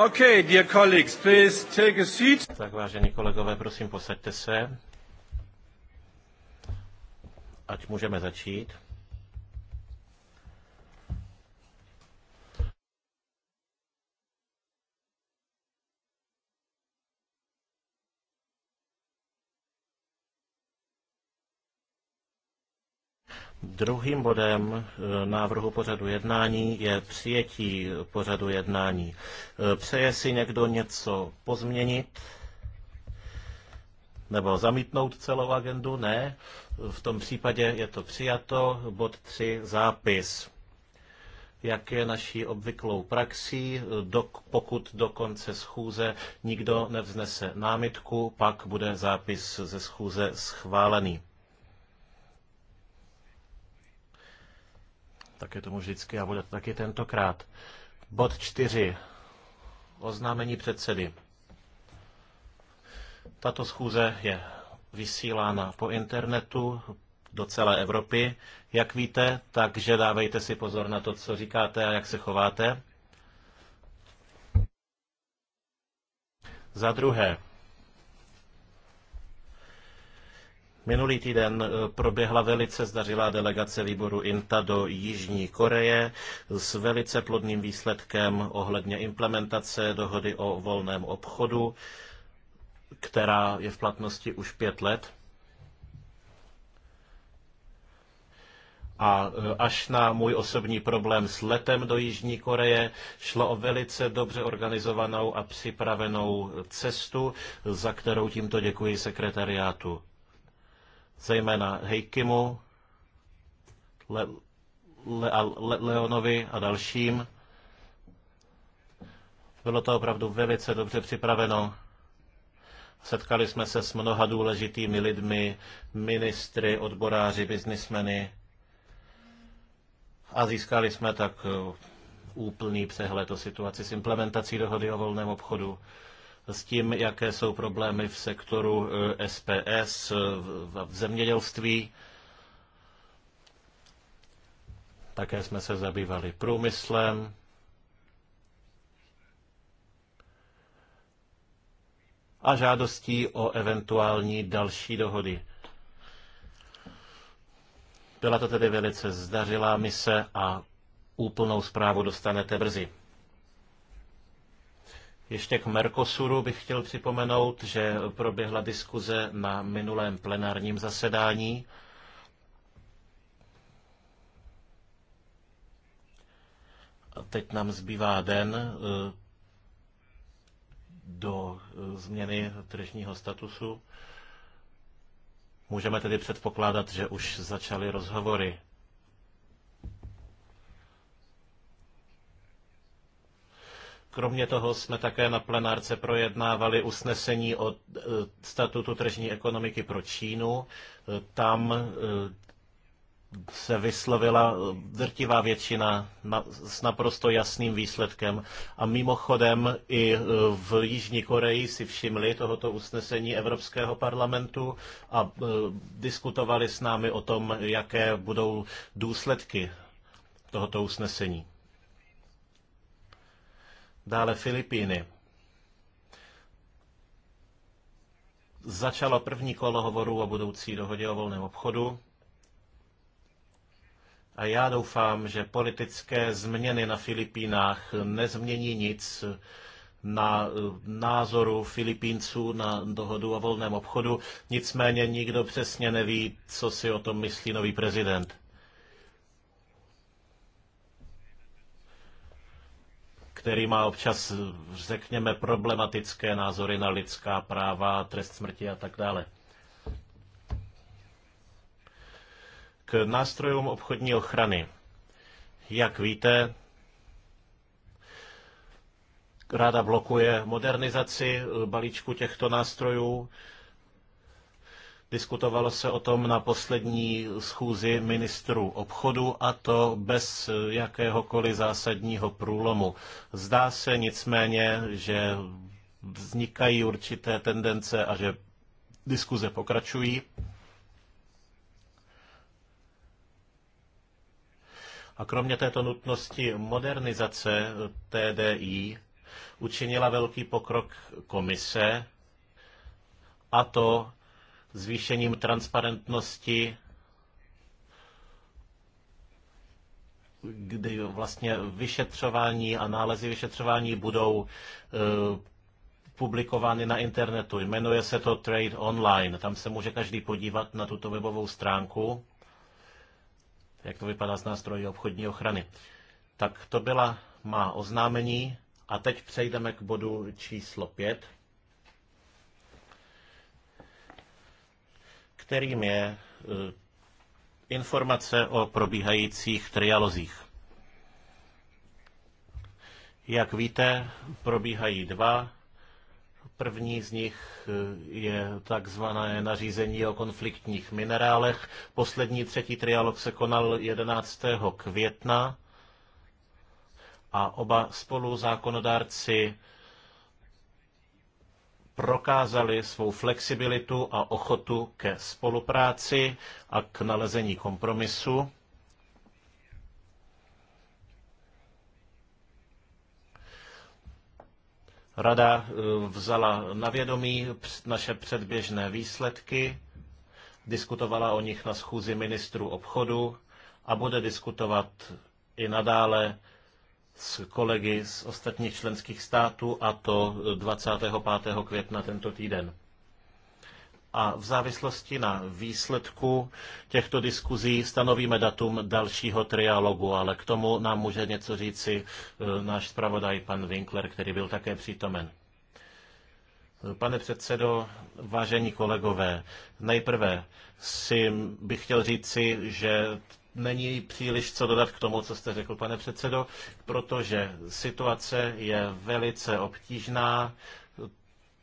Okay, dear colleagues, please take a seat. Tak vážení kolegové, prosím, posaďte se, ať můžeme začít. Druhým bodem eh, návrhu pořadu jednání je přijetí pořadu jednání. Eh, přeje si někdo něco pozměnit nebo zamítnout celou agendu? Ne. V tom případě je to přijato. Bod 3. Zápis. Jak je naší obvyklou praxí, eh, dok, pokud do konce schůze nikdo nevznese námitku, pak bude zápis ze schůze schválený. Tak je tomu vždycky a bude to taky tentokrát. Bod 4. Oznámení předsedy. Tato schůze je vysílána po internetu do celé Evropy, jak víte, takže dávejte si pozor na to, co říkáte a jak se chováte. Za druhé, Minulý týden eh, proběhla velice zdařilá delegace výboru INTA do Jižní Koreje s velice plodným výsledkem ohledně implementace dohody o volném obchodu, která je v platnosti už pět let. A eh, až na můj osobní problém s letem do Jižní Koreje šlo o velice dobře organizovanou a připravenou cestu, za kterou tímto děkuji sekretariátu zejména Heikimu, Le, Le, Le, Leonovi a dalším. Bylo to opravdu velice dobře připraveno. Setkali jsme se s mnoha důležitými lidmi, ministry, odboráři, biznismeny a získali jsme tak eh, úplný přehled o situaci s implementací dohody o volném obchodu s tím, jaké jsou problémy v sektoru SPS, eh, v zemědělství. Také jsme se zabývali průmyslem. a žádostí o eventuální další dohody. Byla to tedy velice zdařilá mise a úplnou zprávu dostanete brzy. Ještě k Mercosuru bych chtěl připomenout, že proběhla diskuze na minulém plenárním zasedání. A teď nám zbývá den eh, do eh, změny tržního statusu. Můžeme tedy předpokládat, že už začaly rozhovory Kromě toho jsme také na plenárce projednávali usnesení o e, statutu tržní ekonomiky pro Čínu. E, tam e, se vyslovila drtivá většina na, s naprosto jasným výsledkem. A mimochodem i v Jižní Koreji si všimli tohoto usnesení Evropského parlamentu a diskutovali s námi o tom, jaké budou důsledky tohoto usnesení. Dále Filipíny. Začalo první kolo hovorů o budoucí dohodě o volném obchodu. A já doufám, že politické změny na Filipínách nezmění nic na eh, názoru Filipínců na dohodu o volném obchodu. Nicméně nikdo přesně neví, co si o tom myslí nový prezident. který má občas, řekněme, problematické názory na lidská práva, trest smrti a tak dále. K nástrojům obchodní ochrany. Jak víte, ráda blokuje modernizaci balíčku těchto nástrojů Diskutovalo se o tom na poslední schůzi ministrů obchodu a to bez jakéhokoliv zásadního průlomu. Zdá se nicméně, že vznikají určité tendence a že diskuze pokračují. A kromě této nutnosti modernizace TDI učinila velký pokrok komise, a to zvýšením transparentnosti, kdy vlastně vyšetřování a nálezy vyšetřování budou e, publikovány na internetu. Jmenuje se to Trade Online. Tam se může každý podívat na tuto webovou stránku, jak to vypadá z nástroje obchodní ochrany. Tak to byla má oznámení a teď přejdeme k bodu číslo 5. kterým je eh, informace o probíhajících trialozích. Jak víte, probíhají dva. První z nich eh, je takzvané nařízení o konfliktních minerálech. Poslední třetí trialog se konal 11. května a oba spolu zákonodárci prokázali svou flexibilitu a ochotu ke spolupráci a k nalezení kompromisu. Rada eh, vzala na vědomí naše předběžné výsledky, diskutovala o nich na schůzi ministrů obchodu a bude diskutovat i nadále s kolegy z ostatních členských států a to 25. května tento týden. A v závislosti na výsledku těchto diskuzí stanovíme datum dalšího trialogu, ale k tomu nám může něco říci e, náš zpravodaj pan Winkler, který byl také přítomen. Pane předsedo, vážení kolegové, nejprve si bych chtěl říci, že není příliš co dodat k tomu, co jste řekl, pane předsedo, protože situace je velice obtížná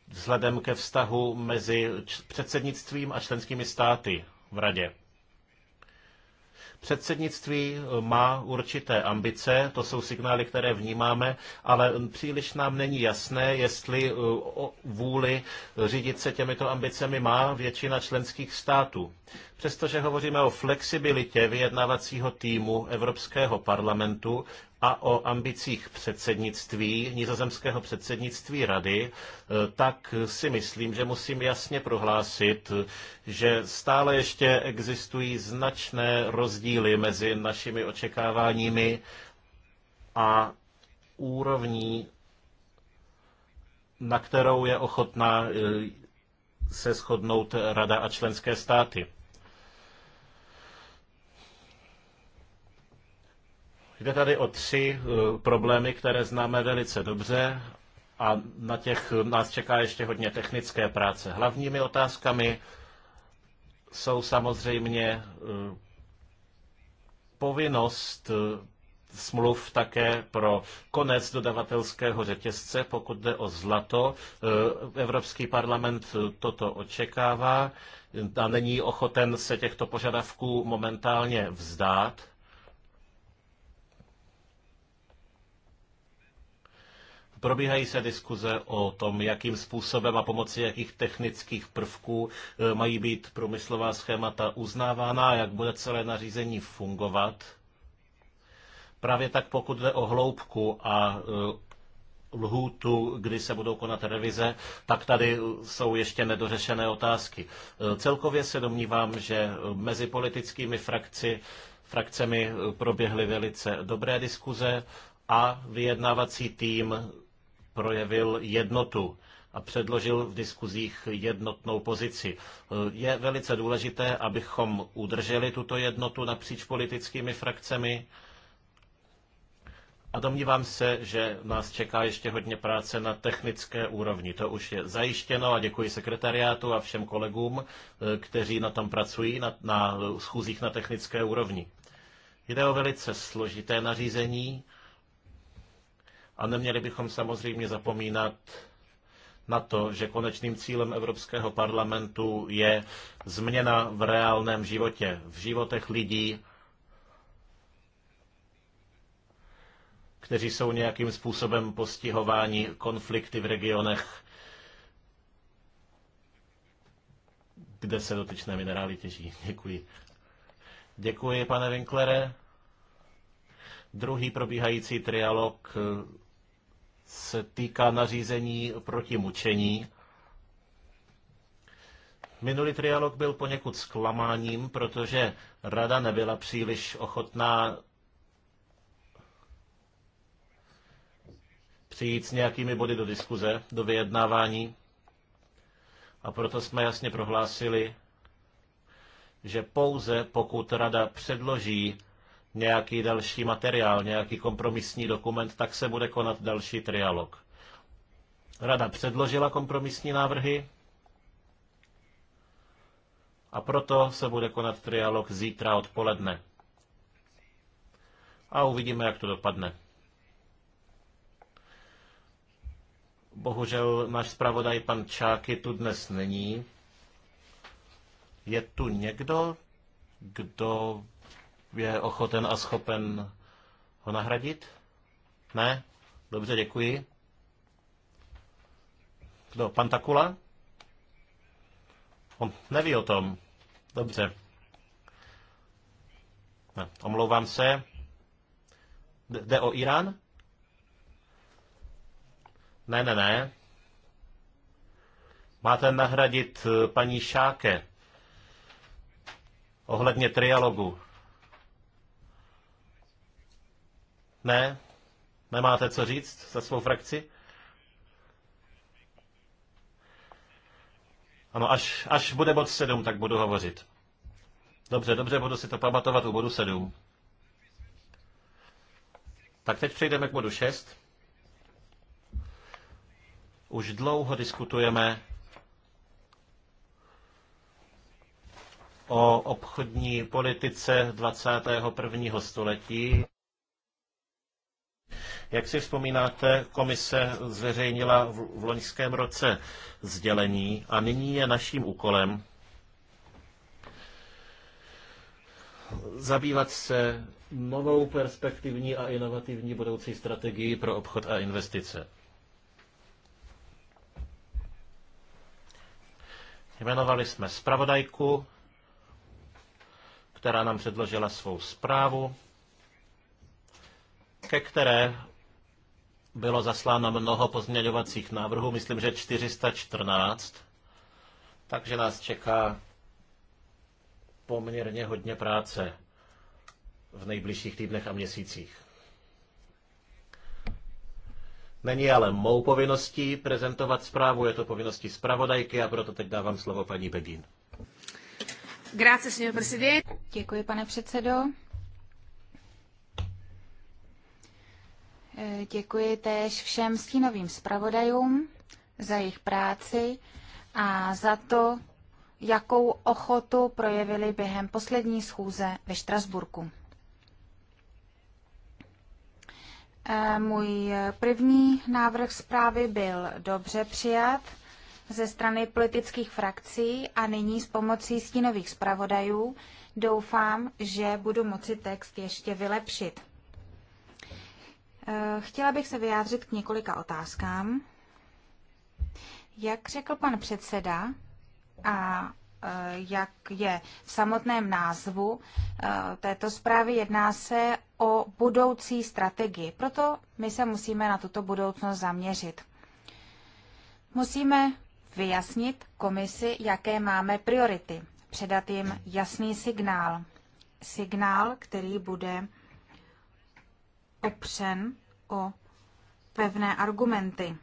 vzhledem ke vztahu mezi předsednictvím a členskými státy v radě. Předsednictví eh, má určité ambice, to jsou signály, které vnímáme, ale hm, příliš nám není jasné, jestli eh, vůli eh, řídit se těmito ambicemi má většina členských států. Přestože hovoříme o flexibilitě vyjednávacího týmu Evropského parlamentu, a o ambicích předsednictví, nizozemského předsednictví rady, eh, tak si myslím, že musím jasně prohlásit, že stále ještě existují značné rozdíly mezi našimi očekáváními a úrovní, na kterou je ochotná eh, se shodnout Rada a členské státy. Jde tady o tři eh, problémy, které známe velice dobře a na těch nás čeká ještě hodně technické práce. Hlavními otázkami jsou samozřejmě eh, povinnost eh, smluv také pro konec dodavatelského řetězce, pokud jde o zlato. Evropský parlament toto očekává a není ochoten se těchto požadavků momentálně vzdát. Probíhají se diskuze o tom, jakým způsobem a pomocí jakých technických prvků e, mají být průmyslová schémata uznávána a jak bude celé nařízení fungovat. Právě tak pokud jde o hloubku a e, lhůtu, kdy se budou konat revize, tak tady jsou ještě nedořešené otázky. E, celkově se domnívám, že mezi politickými frakci, frakcemi proběhly velice dobré diskuze a vyjednávací tým projevil jednotu a předložil v diskuzích jednotnou pozici. Je velice důležité, abychom udrželi tuto jednotu napříč politickými frakcemi. A domnívám se, že nás čeká ještě hodně práce na technické úrovni. To už je zajištěno a děkuji sekretariátu a všem kolegům, eh, kteří na tom pracují, na, na schůzích na technické úrovni. Jde o velice složité nařízení, a neměli bychom samozřejmě zapomínat na to, že konečným cílem Evropského parlamentu je změna v reálném životě, v životech lidí, kteří jsou nějakým způsobem postihováni konflikty v regionech, kde se dotyčné minerály těží. Děkuji. Děkuji, pane Winklere. Druhý probíhající trialog se týká nařízení proti mučení. Minulý trialog byl poněkud zklamáním, protože rada nebyla příliš ochotná přijít s nějakými body do diskuze, do vyjednávání. A proto jsme jasně prohlásili, že pouze pokud rada předloží nějaký další materiál, nějaký kompromisní dokument, tak se bude konat další trialog. Rada předložila kompromisní návrhy a proto se bude konat trialog zítra odpoledne. A uvidíme, jak to dopadne. Bohužel náš zpravodaj pan Čáky tu dnes není. Je tu někdo, kdo je ochoten a schopen ho nahradit? Ne? Dobře, děkuji. Kdo? Pantakula? On neví o tom. Dobře. Ne, omlouvám se. Jde o Irán? Ne, ne, ne. Máte nahradit eh, paní Šáke ohledně trialogu. Ne? Nemáte co říct za svou frakci? Ano, až, až bude bod 7, tak budu hovořit. Dobře, dobře, budu si to pamatovat u bodu 7. Tak teď přejdeme k bodu 6. Už dlouho diskutujeme o obchodní politice 21. století. Jak si vzpomínáte, komise zveřejnila v loňském roce sdělení a nyní je naším úkolem zabývat se novou perspektivní a inovativní budoucí strategii pro obchod a investice. Jmenovali jsme zpravodajku, která nám předložila svou zprávu, ke které bylo zasláno mnoho pozměňovacích návrhů, myslím, že 414, takže nás čeká poměrně hodně práce v nejbližších týdnech a měsících. Není ale mou povinností prezentovat zprávu, je to povinností zpravodajky a proto teď dávám slovo paní Begin. Grazie, signor Presidente. Děkuji, pane předsedo. Děkuji též všem stínovým zpravodajům za jejich práci a za to, jakou ochotu projevili během poslední schůze ve Štrasburku. E, můj první návrh zprávy byl dobře přijat ze strany politických frakcí a nyní s pomocí stínových zpravodajů doufám, že budu moci text ještě vylepšit. Eh, chtěla bych se vyjádřit k několika otázkám. Jak řekl pan předseda a eh, jak je v samotném názvu eh, této zprávy, jedná se o budoucí strategii. Proto my se musíme na tuto budoucnost zaměřit. Musíme vyjasnit komisi, jaké máme priority, předat jim jasný signál. Signál, který bude opřen o pevné argumenty.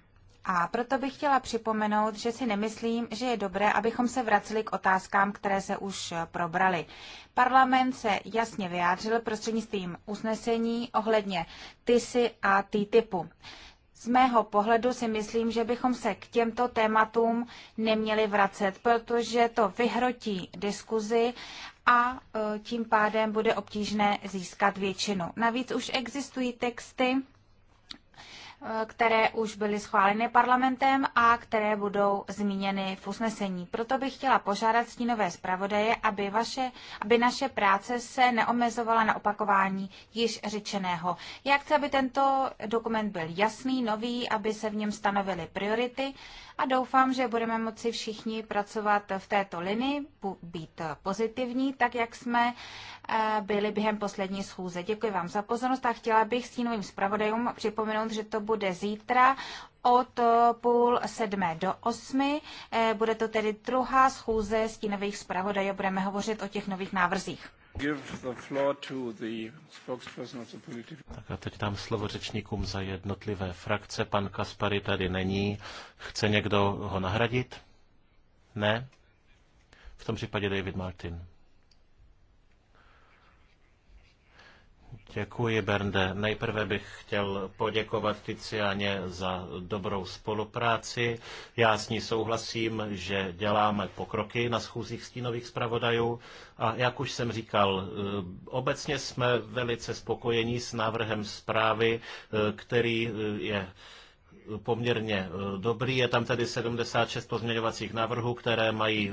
A proto bych chtěla připomenout, že si nemyslím, že je dobré, abychom se vraceli k otázkám, které se už probrali. Parlament se jasně vyjádřil prostřednictvím usnesení ohledně TISy a TTIPu z mého pohledu si myslím, že bychom se k těmto tématům neměli vracet, protože to vyhrotí diskuzi a e, tím pádem bude obtížné získat většinu. Navíc už existují texty, Eh, které už byly schváleny parlamentem a které budou zmíněny v usnesení. Proto bych chtěla požádat stínové zpravodaje, aby, vaše, aby naše práce se neomezovala na opakování již řečeného. Já chci, aby tento dokument byl jasný, nový, aby se v něm stanovily priority a doufám, že budeme moci všichni pracovat v této linii, být pozitivní, tak jak jsme eh, byli během poslední schůze. Děkuji vám za pozornost a chtěla bych stínovým zpravodajům připomenout, že to bude zítra od eh, půl sedmé do osmi. Eh, bude to tedy druhá schůze stínových zpravodajů. Budeme hovořit o těch nových návrzích. Tak a teď dám slovo řečníkům za jednotlivé frakce. Pan Kaspary tady není. Chce někdo ho nahradit? Ne? V tom případě David Martin. Děkuji, Bernde. Nejprve bych chtěl poděkovat Ticianě za dobrou spolupráci. Já s ní souhlasím, že děláme pokroky na schůzích stínových zpravodajů a jak už jsem říkal, e, obecně jsme velice spokojení s návrhem zprávy, e, který e, je poměrně dobrý. Je tam tedy 76 pozměňovacích návrhů, které mají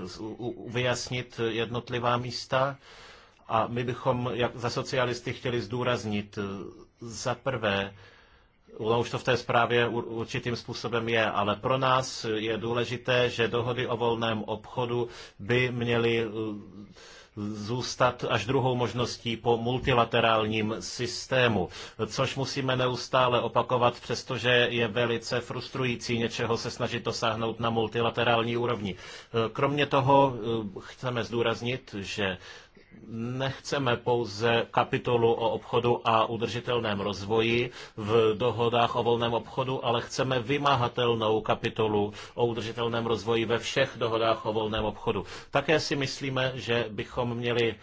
vyjasnit jednotlivá místa. A my bychom jak za socialisty chtěli zdůraznit eh, za prvé, ono už to v té zprávě určitým způsobem je, ale pro nás je důležité, že dohody o volném obchodu by měly eh, zůstat až druhou možností po multilaterálním systému, což musíme neustále opakovat, přestože je velice frustrující něčeho se snažit dosáhnout na multilaterální úrovni. Eh, kromě toho chceme zdůraznit, že nechceme pouze kapitolu o obchodu a udržitelném rozvoji v dohodách o volném obchodu, ale chceme vymahatelnou kapitolu o udržitelném rozvoji ve všech dohodách o volném obchodu. Také si myslíme, že bychom měli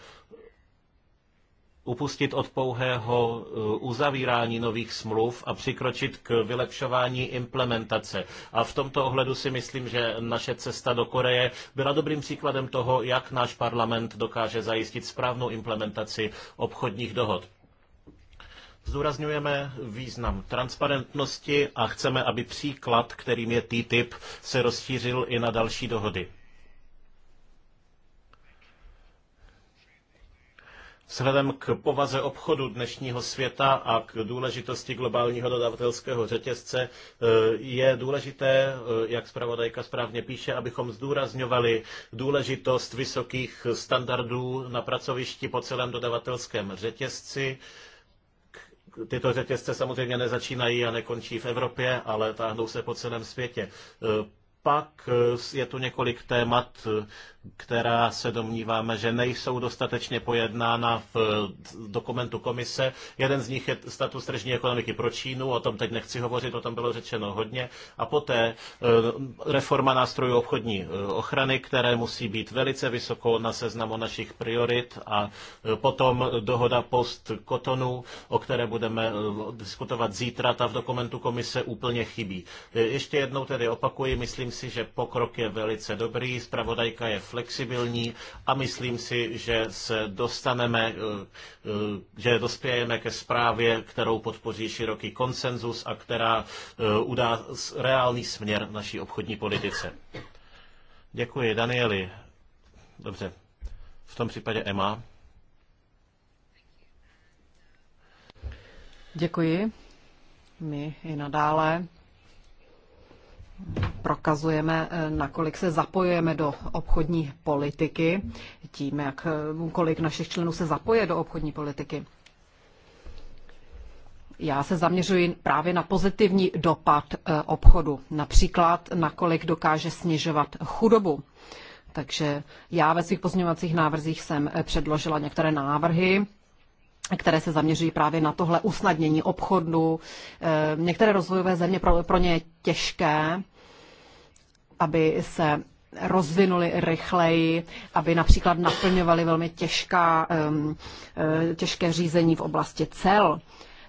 upustit od pouhého eh, uzavírání nových smluv a přikročit k vylepšování implementace. A v tomto ohledu si myslím, že naše cesta do Koreje byla dobrým příkladem toho, jak náš parlament dokáže zajistit správnou implementaci obchodních dohod. Zdůrazňujeme význam transparentnosti a chceme, aby příklad, kterým je TTIP, se rozšířil i na další dohody. Vzhledem k povaze obchodu dnešního světa a k důležitosti globálního dodavatelského řetězce eh, je důležité, eh, jak zpravodajka správně píše, abychom zdůrazňovali důležitost vysokých standardů na pracovišti po celém dodavatelském řetězci. Tyto řetězce samozřejmě nezačínají a nekončí v Evropě, ale táhnou se po celém světě. Eh, pak eh, je tu několik témat, která se domníváme, že nejsou dostatečně pojednána eh, v dokumentu komise. Jeden z nich je status tržní ekonomiky pro Čínu, o tom teď nechci hovořit, o tom bylo řečeno hodně. A poté eh, reforma nástrojů obchodní ochrany, které musí být velice vysoko na seznamu našich priorit a potom dohoda post kotonu, o které budeme diskutovat zítra, ta v dokumentu komise úplně chybí. Ještě jednou tedy opakuji, myslím si, že pokrok je velice dobrý, zpravodajka je flexibilní a myslím si, že se dostaneme, eh, eh, že dospějeme ke zprávě, kterou podpoří široký konsenzus a která eh, udá reálný směr naší obchodní politice. Děkuji, Danieli. Dobře. V tom případě Emma. Děkuji. My i nadále prokazujeme, eh, nakolik se zapojujeme do obchodní politiky, tím, jak, eh, kolik našich členů se zapoje do obchodní politiky. Já se zaměřuji právě na pozitivní dopad eh, obchodu, například nakolik dokáže snižovat chudobu. Takže já ve svých pozměňovacích návrzích jsem předložila některé návrhy, které se zaměřují právě na tohle usnadnění obchodu. Některé rozvojové země pro, pro ně je těžké aby se rozvinuli rychleji, aby například naplňovali velmi těžká, eh, těžké řízení v oblasti cel.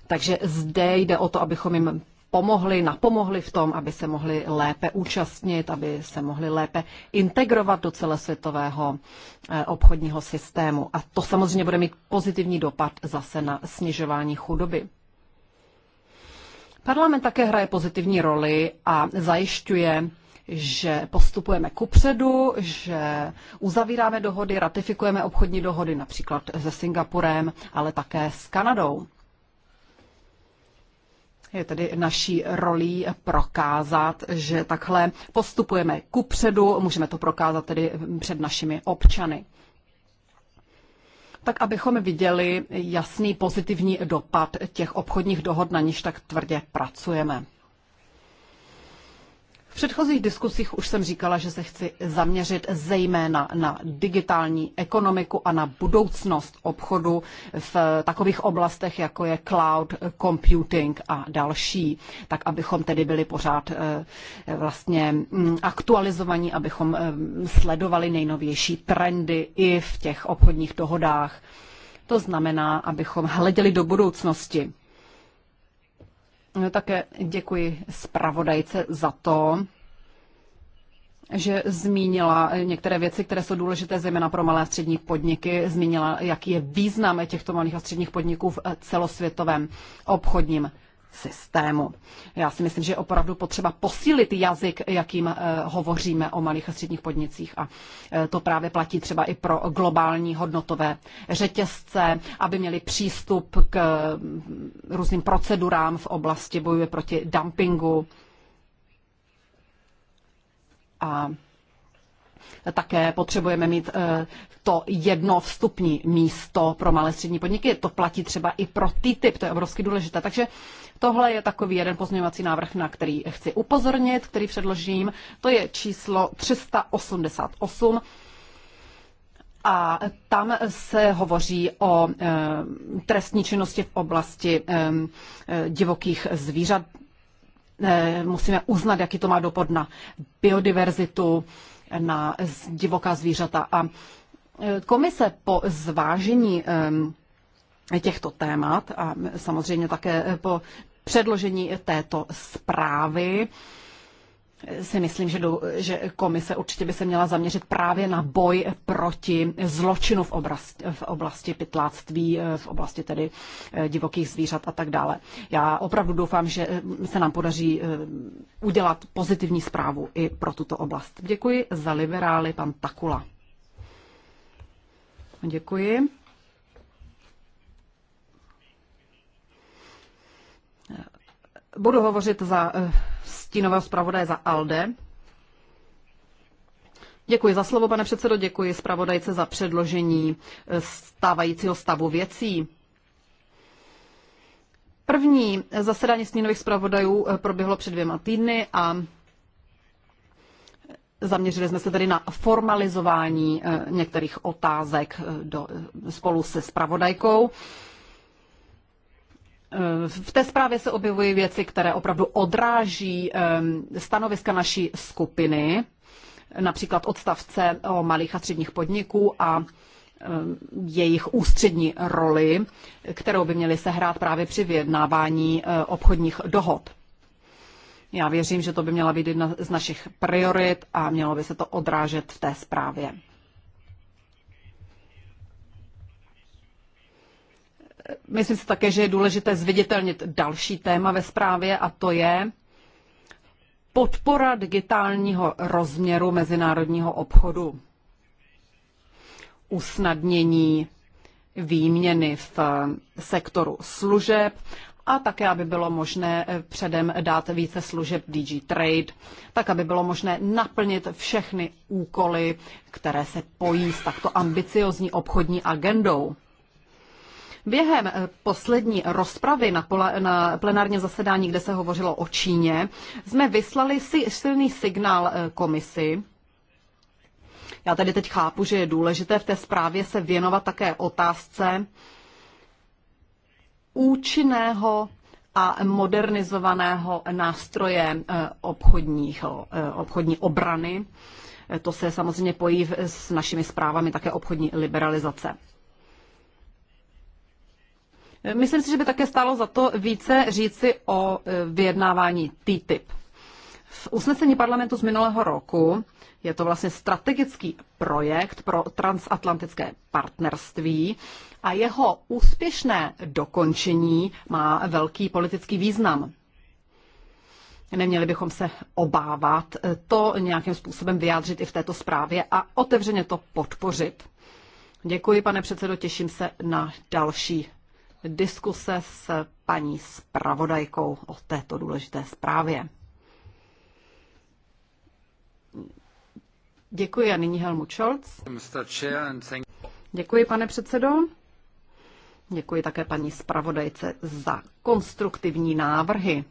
Takže zde jde o to, abychom jim pomohli, napomohli v tom, aby se mohli lépe účastnit, aby se mohli lépe integrovat do celosvětového eh, obchodního systému. A to samozřejmě bude mít pozitivní dopad zase na snižování chudoby. Parlament také hraje pozitivní roli a zajišťuje že postupujeme kupředu, že uzavíráme dohody, ratifikujeme obchodní dohody například se Singapurem, ale také s Kanadou. Je tedy naší rolí prokázat, že takhle postupujeme kupředu, můžeme to prokázat tedy před našimi občany tak abychom viděli jasný pozitivní dopad těch obchodních dohod, na níž tak tvrdě pracujeme. V předchozích diskusích už jsem říkala, že se chci zaměřit zejména na digitální ekonomiku a na budoucnost obchodu v takových oblastech, jako je cloud, computing a další, tak abychom tedy byli pořád eh, vlastně mm, aktualizovaní, abychom eh, sledovali nejnovější trendy i v těch obchodních dohodách. To znamená, abychom hleděli do budoucnosti. No, také děkuji zpravodajce za to, že zmínila některé věci, které jsou důležité zejména pro malé a střední podniky, zmínila, jaký je význam těchto malých a středních podniků v celosvětovém obchodním systému. Já si myslím, že je opravdu potřeba posílit jazyk, jakým eh, hovoříme o malých a středních podnicích. A eh, to právě platí třeba i pro globální hodnotové řetězce, aby měli přístup k mm, různým procedurám v oblasti boje proti dumpingu. A také potřebujeme mít eh, to jedno vstupní místo pro malé střední podniky. To platí třeba i pro TTIP, to je obrovsky důležité. Takže tohle je takový jeden pozměňovací návrh, na který chci upozornit, který předložím. To je číslo 388. A tam se hovoří o e, trestní činnosti v oblasti e, divokých zvířat. E, musíme uznat, jaký to má dopad na biodiverzitu, na divoká zvířata. A e, komise po zvážení e, těchto témat a samozřejmě také e, po předložení této zprávy si myslím, že, do, že komise určitě by se měla zaměřit právě na boj proti zločinu v oblasti, v oblasti pytláctví, eh, v oblasti tedy eh, divokých zvířat a tak dále. Já opravdu doufám, že eh, se nám podaří udělat pozitivní zprávu i pro tuto oblast. Děkuji za liberály, pan Takula. Děkuji. Budu hovořit za eh, stínového zpravodaje za ALDE. Děkuji za slovo, pane předsedo, děkuji zpravodajce za předložení eh, stávajícího stavu věcí. První zasedání stínových zpravodajů eh, proběhlo před dvěma týdny a Zaměřili jsme se tedy na formalizování některých otázek do, spolu se spravodajkou. Eh, v té zprávě se objevují věci, které opravdu odráží ehm, stanoviska naší skupiny, například odstavce o malých a středních podniků a ehm, jejich ústřední roli, kterou by měly sehrát právě při vyjednávání eh, obchodních dohod. Já věřím, že to by měla být jedna z našich priorit a mělo by se to odrážet v té zprávě. Myslím si také, že je důležité zviditelnit další téma ve zprávě a to je podpora digitálního rozměru mezinárodního obchodu, usnadnění výměny v sektoru služeb a také, aby bylo možné předem dát více služeb DG Trade, tak aby bylo možné naplnit všechny úkoly, které se pojí s takto ambiciozní obchodní agendou. Během eh, poslední rozpravy na, pola, na plenárním zasedání, kde se hovořilo o Číně, jsme vyslali si, silný signál eh, komisi, já tady teď chápu, že je důležité v té zprávě se věnovat také otázce účinného a modernizovaného nástroje eh, obchodních, obchodní obrany. To se samozřejmě pojí s našimi zprávami také obchodní liberalizace. Myslím si, že by také stálo za to více říci o e, vyjednávání TTIP. V usnesení parlamentu z minulého roku je to vlastně strategický projekt pro transatlantické partnerství a jeho úspěšné dokončení má velký politický význam. Neměli bychom se obávat e, to nějakým způsobem vyjádřit i v této zprávě a otevřeně to podpořit. Děkuji, pane předsedo, těším se na další diskuse s paní spravodajkou o této důležité zprávě. Děkuji a nyní Helmut Scholz. Děkuji, pane předsedo. Děkuji také paní zpravodajce za konstruktivní návrhy.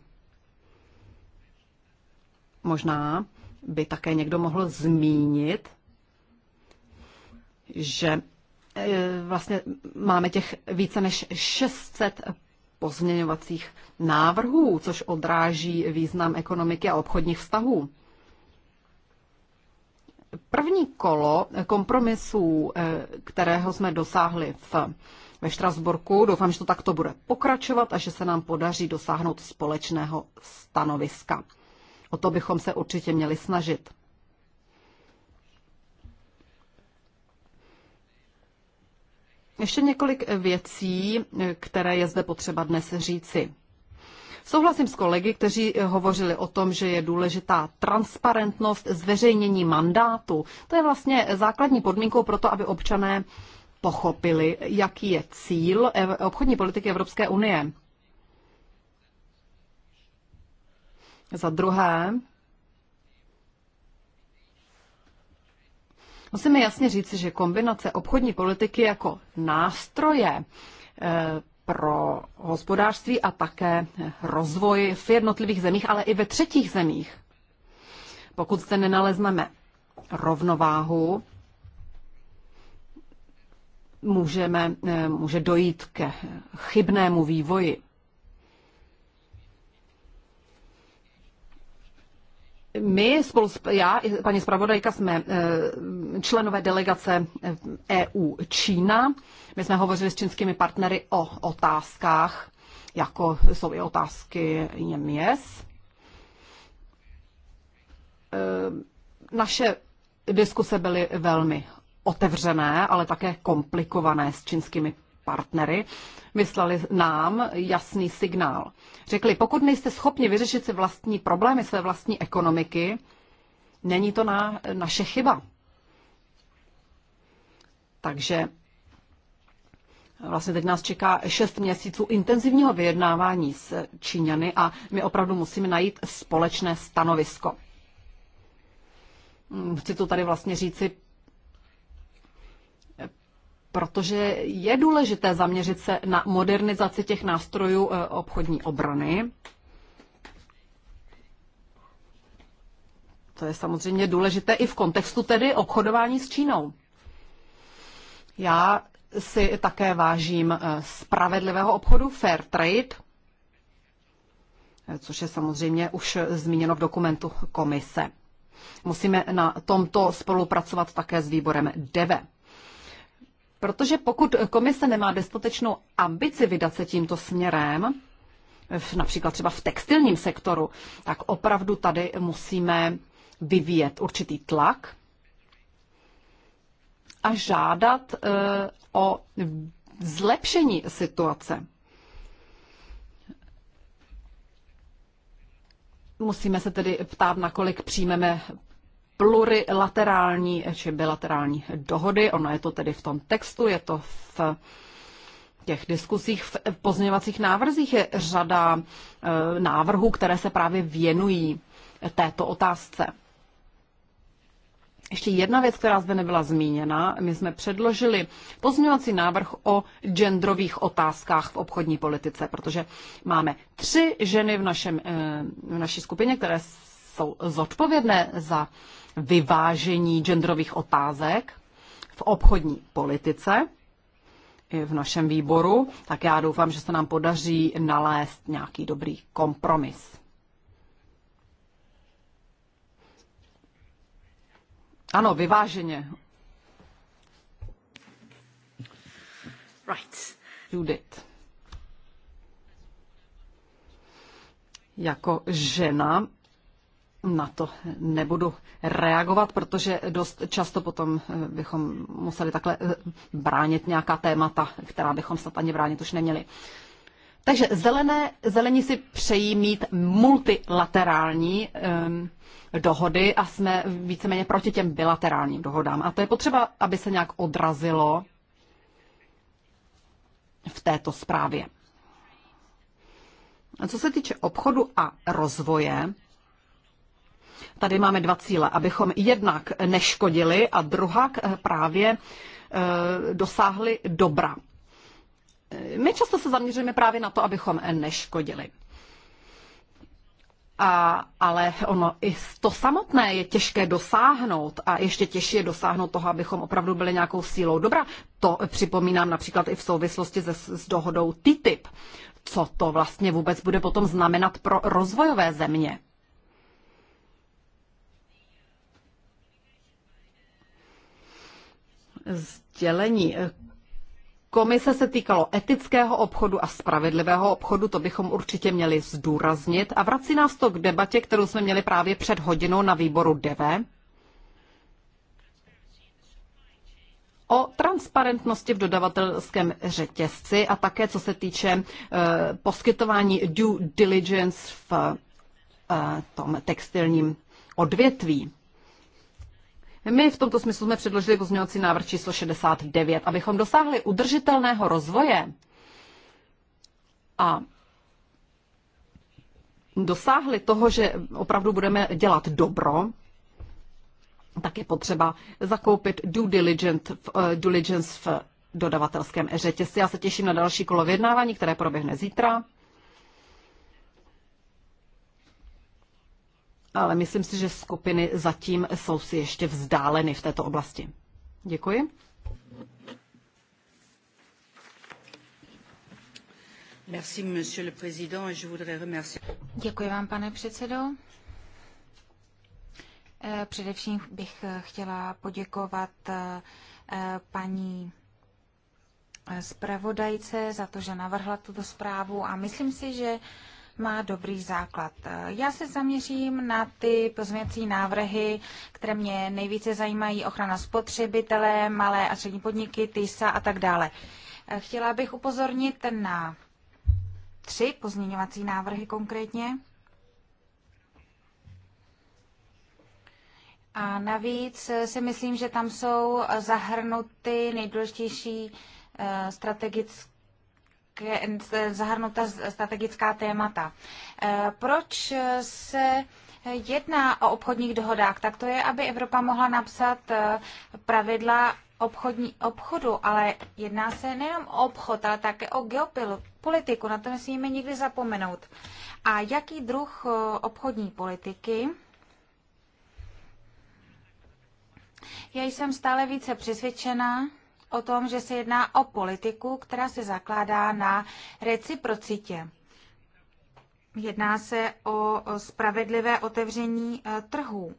Možná by také někdo mohl zmínit, že E, vlastně máme těch více než 600 pozměňovacích návrhů, což odráží význam ekonomiky a obchodních vztahů. První kolo kompromisů, e, kterého jsme dosáhli v, ve Štrasburku, doufám, že to takto bude pokračovat a že se nám podaří dosáhnout společného stanoviska. O to bychom se určitě měli snažit. Ještě několik věcí, které je zde potřeba dnes říci. Souhlasím s kolegy, kteří hovořili o tom, že je důležitá transparentnost zveřejnění mandátu. To je vlastně základní podmínkou pro to, aby občané pochopili, jaký je cíl obchodní politiky Evropské unie. Za druhé, Musíme jasně říci, že kombinace obchodní politiky jako nástroje eh, pro hospodářství a také rozvoj v jednotlivých zemích, ale i ve třetích zemích. Pokud se nenalezneme rovnováhu, můžeme, eh, může dojít ke chybnému vývoji. my spolu, já i paní zpravodajka jsme eh, členové delegace EU eh, e Čína. My jsme hovořili s čínskými partnery o otázkách, jako jsou i otázky Něměs. Eh, naše diskuse byly velmi otevřené, ale také komplikované s čínskými partnery vyslali nám jasný signál. Řekli, pokud nejste schopni vyřešit si vlastní problémy své vlastní ekonomiky, není to na, naše chyba. Takže Vlastně teď nás čeká šest měsíců intenzivního vyjednávání s Číňany a my opravdu musíme najít společné stanovisko. Chci to tady vlastně říci protože je důležité zaměřit se na modernizaci těch nástrojů eh, obchodní obrany. To je samozřejmě důležité i v kontextu tedy obchodování s Čínou. Já si také vážím eh, spravedlivého obchodu Fair Trade, eh, což je samozřejmě už zmíněno v dokumentu komise. Musíme na tomto spolupracovat také s výborem DEVE. Protože pokud komise nemá dostatečnou ambici vydat se tímto směrem, například třeba v textilním sektoru, tak opravdu tady musíme vyvíjet určitý tlak a žádat eh, o zlepšení situace. Musíme se tedy ptát, nakolik přijmeme plurilaterální či bilaterální dohody. Ono je to tedy v tom textu, je to v těch diskusích, v pozměňovacích návrzích je řada eh, návrhů, které se právě věnují této otázce. Ještě jedna věc, která zde nebyla zmíněna. My jsme předložili pozměňovací návrh o genderových otázkách v obchodní politice, protože máme tři ženy v, našem, eh, v naší skupině, které jsou zodpovědné za vyvážení genderových otázek v obchodní politice i v našem výboru, tak já doufám, že se nám podaří nalézt nějaký dobrý kompromis. Ano, vyváženě. Right. Judith. Jako žena na to nebudu reagovat, protože dost často potom eh, bychom museli takhle eh, bránit nějaká témata, která bychom snad ani bránit už neměli. Takže zelené, zelení si přejí mít multilaterální um, dohody a jsme víceméně proti těm bilaterálním dohodám. A to je potřeba, aby se nějak odrazilo v této zprávě. A co se týče obchodu a rozvoje, Tady máme dva cíle, abychom jednak neškodili a druhak eh, právě eh, dosáhli dobra. Eh, my často se zaměřujeme právě na to, abychom neškodili. A, ale ono i to samotné je těžké dosáhnout a ještě těžší je dosáhnout toho, abychom opravdu byli nějakou sílou dobra. To připomínám například i v souvislosti se, s dohodou TTIP. Co to vlastně vůbec bude potom znamenat pro rozvojové země? sdělení komise se týkalo etického obchodu a spravedlivého obchodu, to bychom určitě měli zdůraznit. A vrací nás to k debatě, kterou jsme měli právě před hodinou na výboru DV. o transparentnosti v dodavatelském řetězci a také co se týče eh, poskytování due diligence v eh, tom textilním odvětví. My v tomto smyslu jsme předložili pozměňovací návrh číslo 69, abychom dosáhli udržitelného rozvoje a dosáhli toho, že opravdu budeme dělat dobro, tak je potřeba zakoupit due diligence, uh, diligence v dodavatelském řetězci. Já se těším na další kolo vyjednávání, které proběhne zítra. ale myslím si, že skupiny zatím jsou si ještě vzdáleny v této oblasti. Děkuji. Děkuji vám, pane předsedo. Eh, především bych eh, chtěla poděkovat eh, paní zpravodajce za to, že navrhla tuto zprávu a myslím si, že má dobrý základ. Já se zaměřím na ty pozměcí návrhy, které mě nejvíce zajímají, ochrana spotřebitele, malé a střední podniky, TISA a tak dále. Chtěla bych upozornit na tři pozměňovací návrhy konkrétně. A navíc si myslím, že tam jsou zahrnuty nejdůležitější eh, strategické zahrnuta strategická témata. Eh, proč se jedná o obchodních dohodách, tak to je, aby Evropa mohla napsat eh, pravidla obchodní, obchodu, ale jedná se nejenom o obchod, ale také o geopolitiku, na to nesmíme nikdy zapomenout. A jaký druh eh, obchodní politiky? Já jsem stále více přesvědčená, o tom, že se jedná o politiku, která se zakládá na reciprocitě. Jedná se o spravedlivé otevření eh, trhů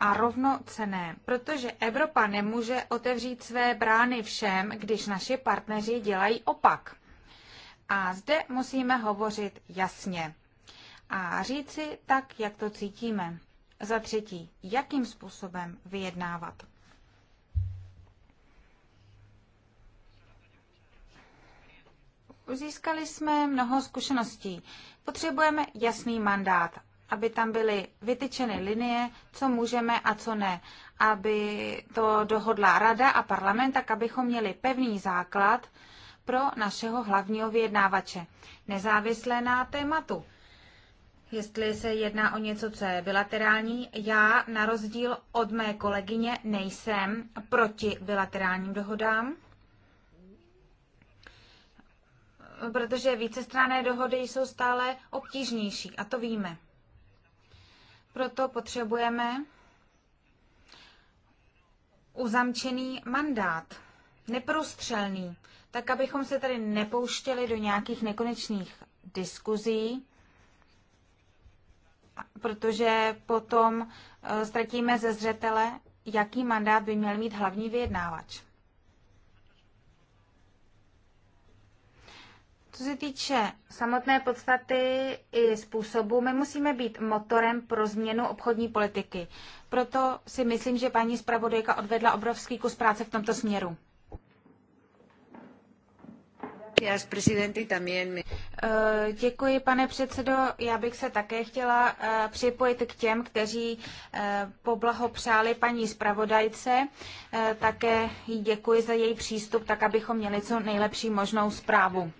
a rovnocené, protože Evropa nemůže otevřít své brány všem, když naši partneři dělají opak. A zde musíme hovořit jasně a říci tak, jak to cítíme. Za třetí, jakým způsobem vyjednávat. Získali jsme mnoho zkušeností. Potřebujeme jasný mandát, aby tam byly vytyčeny linie, co můžeme a co ne, aby to dohodla rada a parlament, tak abychom měli pevný základ pro našeho hlavního vyjednávače, nezávislé na tématu. Jestli se jedná o něco, co je bilaterální, já na rozdíl od mé kolegyně nejsem proti bilaterálním dohodám. protože vícestranné dohody jsou stále obtížnější a to víme. Proto potřebujeme uzamčený mandát, neprostřelný, tak abychom se tady nepouštěli do nějakých nekonečných diskuzí, protože potom eh, ztratíme ze zřetele, jaký mandát by měl mít hlavní vyjednávač. Co se týče samotné podstaty i způsobu, my musíme být motorem pro změnu obchodní politiky. Proto si myslím, že paní zpravodajka odvedla obrovský kus práce v tomto směru. Eh, děkuji, pane předsedo. Já bych se také chtěla eh, připojit k těm, kteří eh, poblahopřáli paní zpravodajce. Také jí děkuji za její přístup, tak abychom měli co nejlepší možnou zprávu.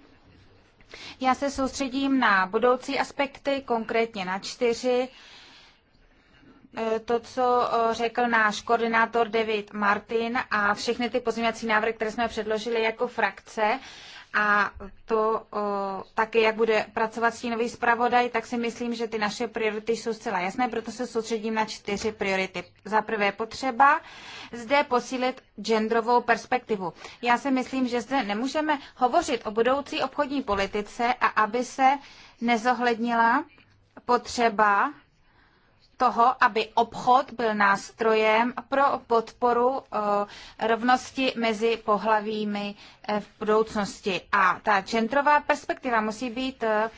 Já se soustředím na budoucí aspekty, konkrétně na čtyři. E, to, co e, řekl náš koordinátor David Martin a všechny ty pozměňovací návrhy, které jsme předložili jako frakce a to o, také, jak bude pracovat stínový zpravodaj, tak si myslím, že ty naše priority jsou zcela jasné, proto se soustředím na čtyři priority. Za prvé potřeba zde posílit genderovou perspektivu. Já si myslím, že zde nemůžeme hovořit o budoucí obchodní politice a aby se nezohlednila potřeba toho, aby obchod byl nástrojem pro podporu eh, rovnosti mezi pohlavími eh, v budoucnosti. A ta genderová perspektiva musí být eh,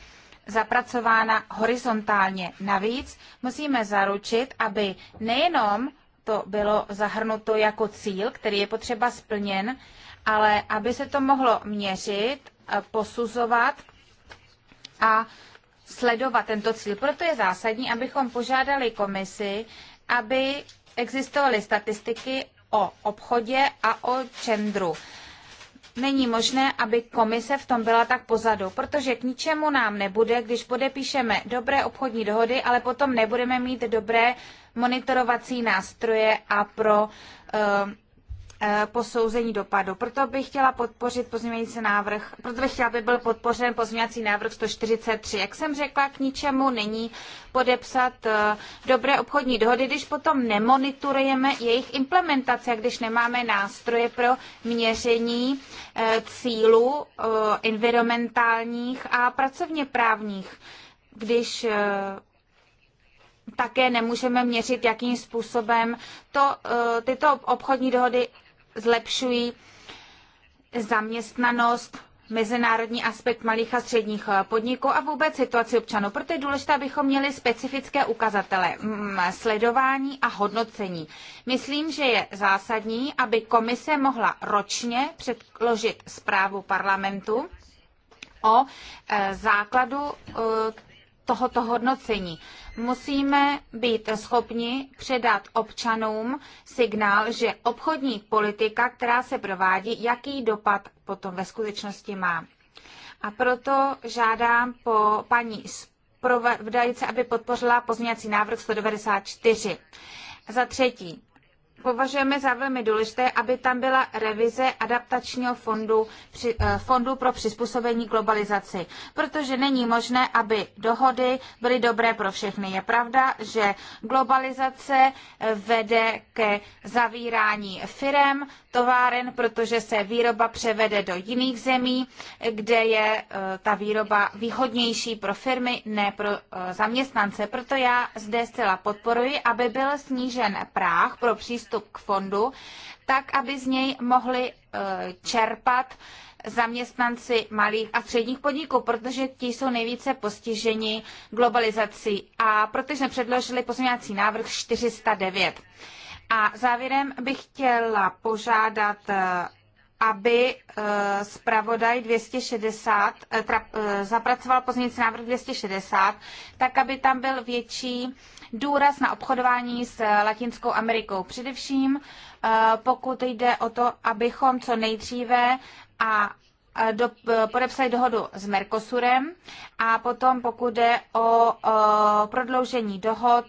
zapracována horizontálně. Navíc musíme zaručit, aby nejenom to bylo zahrnuto jako cíl, který je potřeba splněn, ale aby se to mohlo měřit, posuzovat a sledovat tento cíl. Proto je zásadní, abychom požádali komisi, aby existovaly statistiky o obchodě a o čendru. Není možné, aby komise v tom byla tak pozadu, protože k ničemu nám nebude, když podepíšeme dobré obchodní dohody, ale potom nebudeme mít dobré monitorovací nástroje a pro uh, Eh, posouzení dopadu. Proto bych chtěla podpořit pozměňující návrh, proto bych chtěla, aby byl podpořen pozměňovací návrh 143. Jak jsem řekla, k ničemu není podepsat eh, dobré obchodní dohody, když potom nemonitorujeme jejich a když nemáme nástroje pro měření eh, cílů environmentálních a pracovně právních, když také nemůžeme měřit, jakým způsobem to, tyto obchodní dohody zlepšují zaměstnanost, mezinárodní aspekt malých a středních eh, podniků a vůbec situaci občanů. Proto je důležité, abychom měli specifické ukazatele mm, sledování a hodnocení. Myslím, že je zásadní, aby komise mohla ročně předložit zprávu parlamentu o eh, základu eh, tohoto hodnocení. Musíme být schopni předat občanům signál, že obchodní politika, která se provádí, jaký dopad potom ve skutečnosti má. A proto žádám po paní zpravodajce, aby podpořila pozměňovací návrh 194. Za třetí, Považujeme za velmi důležité, aby tam byla revize adaptačního fondu, při, eh, fondu pro přizpůsobení globalizaci, protože není možné, aby dohody byly dobré pro všechny. Je pravda, že globalizace eh, vede ke zavírání firem, továren, protože se výroba převede do jiných zemí, kde je eh, ta výroba výhodnější pro firmy, ne pro zaměstnance. Proto já zde zcela podporuji, aby byl snížen práh pro přístup přístup k fondu, tak aby z něj mohli e, čerpat zaměstnanci malých a středních podniků, protože ti jsou nejvíce postiženi globalizací a protože jsme předložili pozměňovací návrh 409. A závěrem bych chtěla požádat e, aby eh, zpravodaj 260 tra, eh, eh, zapracoval pozměňující návrh 260, tak aby tam byl větší důraz na obchodování s Latinskou Amerikou. Především pokud jde o to, abychom co nejdříve a do, podepsali dohodu s Mercosurem a potom, pokud jde o, o prodloužení dohod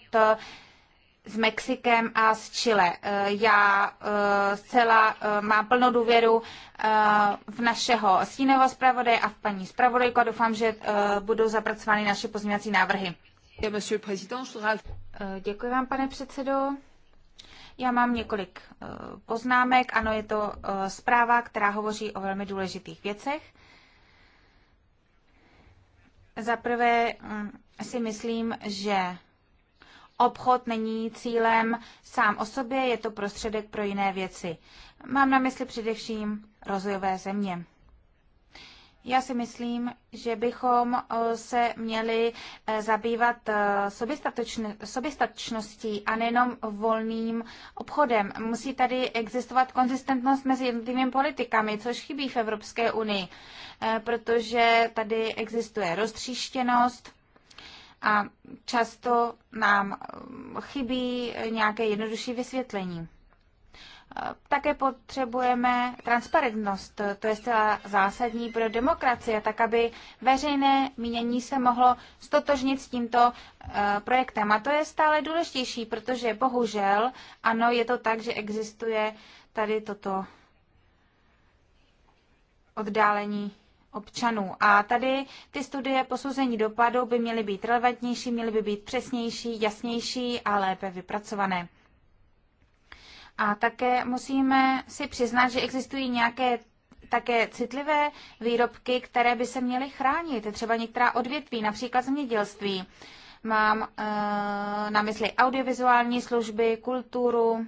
s Mexikem a s Chile. Eh, já eh, zcela eh, mám plnou důvěru v našeho stínového zpravodaje a v paní zpravodajku a doufám, že budou zapracovány naše pozměňovací návrhy. Děkuji vám, pane předsedo. Já mám několik poznámek. Ano, je to zpráva, která hovoří o velmi důležitých věcech. Za prvé mm, si myslím, že obchod není cílem sám o sobě, je to prostředek pro jiné věci. Mám na mysli především rozvojové země. Já si myslím, že bychom eh, se měli eh, zabývat eh, soběstačností a nejenom volným obchodem. Musí tady existovat konzistentnost mezi jednotlivými politikami, což chybí v Evropské unii, protože tady existuje roztříštěnost a často nám chybí nějaké jednodušší vysvětlení. E, také potřebujeme transparentnost, to je zcela zásadní pro demokracie, tak aby veřejné mínění se mohlo stotožnit s tímto e, projektem. A to je stále důležitější, protože bohužel, ano, je to tak, že existuje tady toto oddálení občanů. A tady ty studie posouzení dopadu by měly být relevantnější, měly by být přesnější, jasnější a lépe vypracované. A také musíme si přiznat, že existují nějaké také citlivé výrobky, které by se měly chránit, třeba některá odvětví, například zemědělství. Mám e, na mysli audiovizuální služby, kulturu,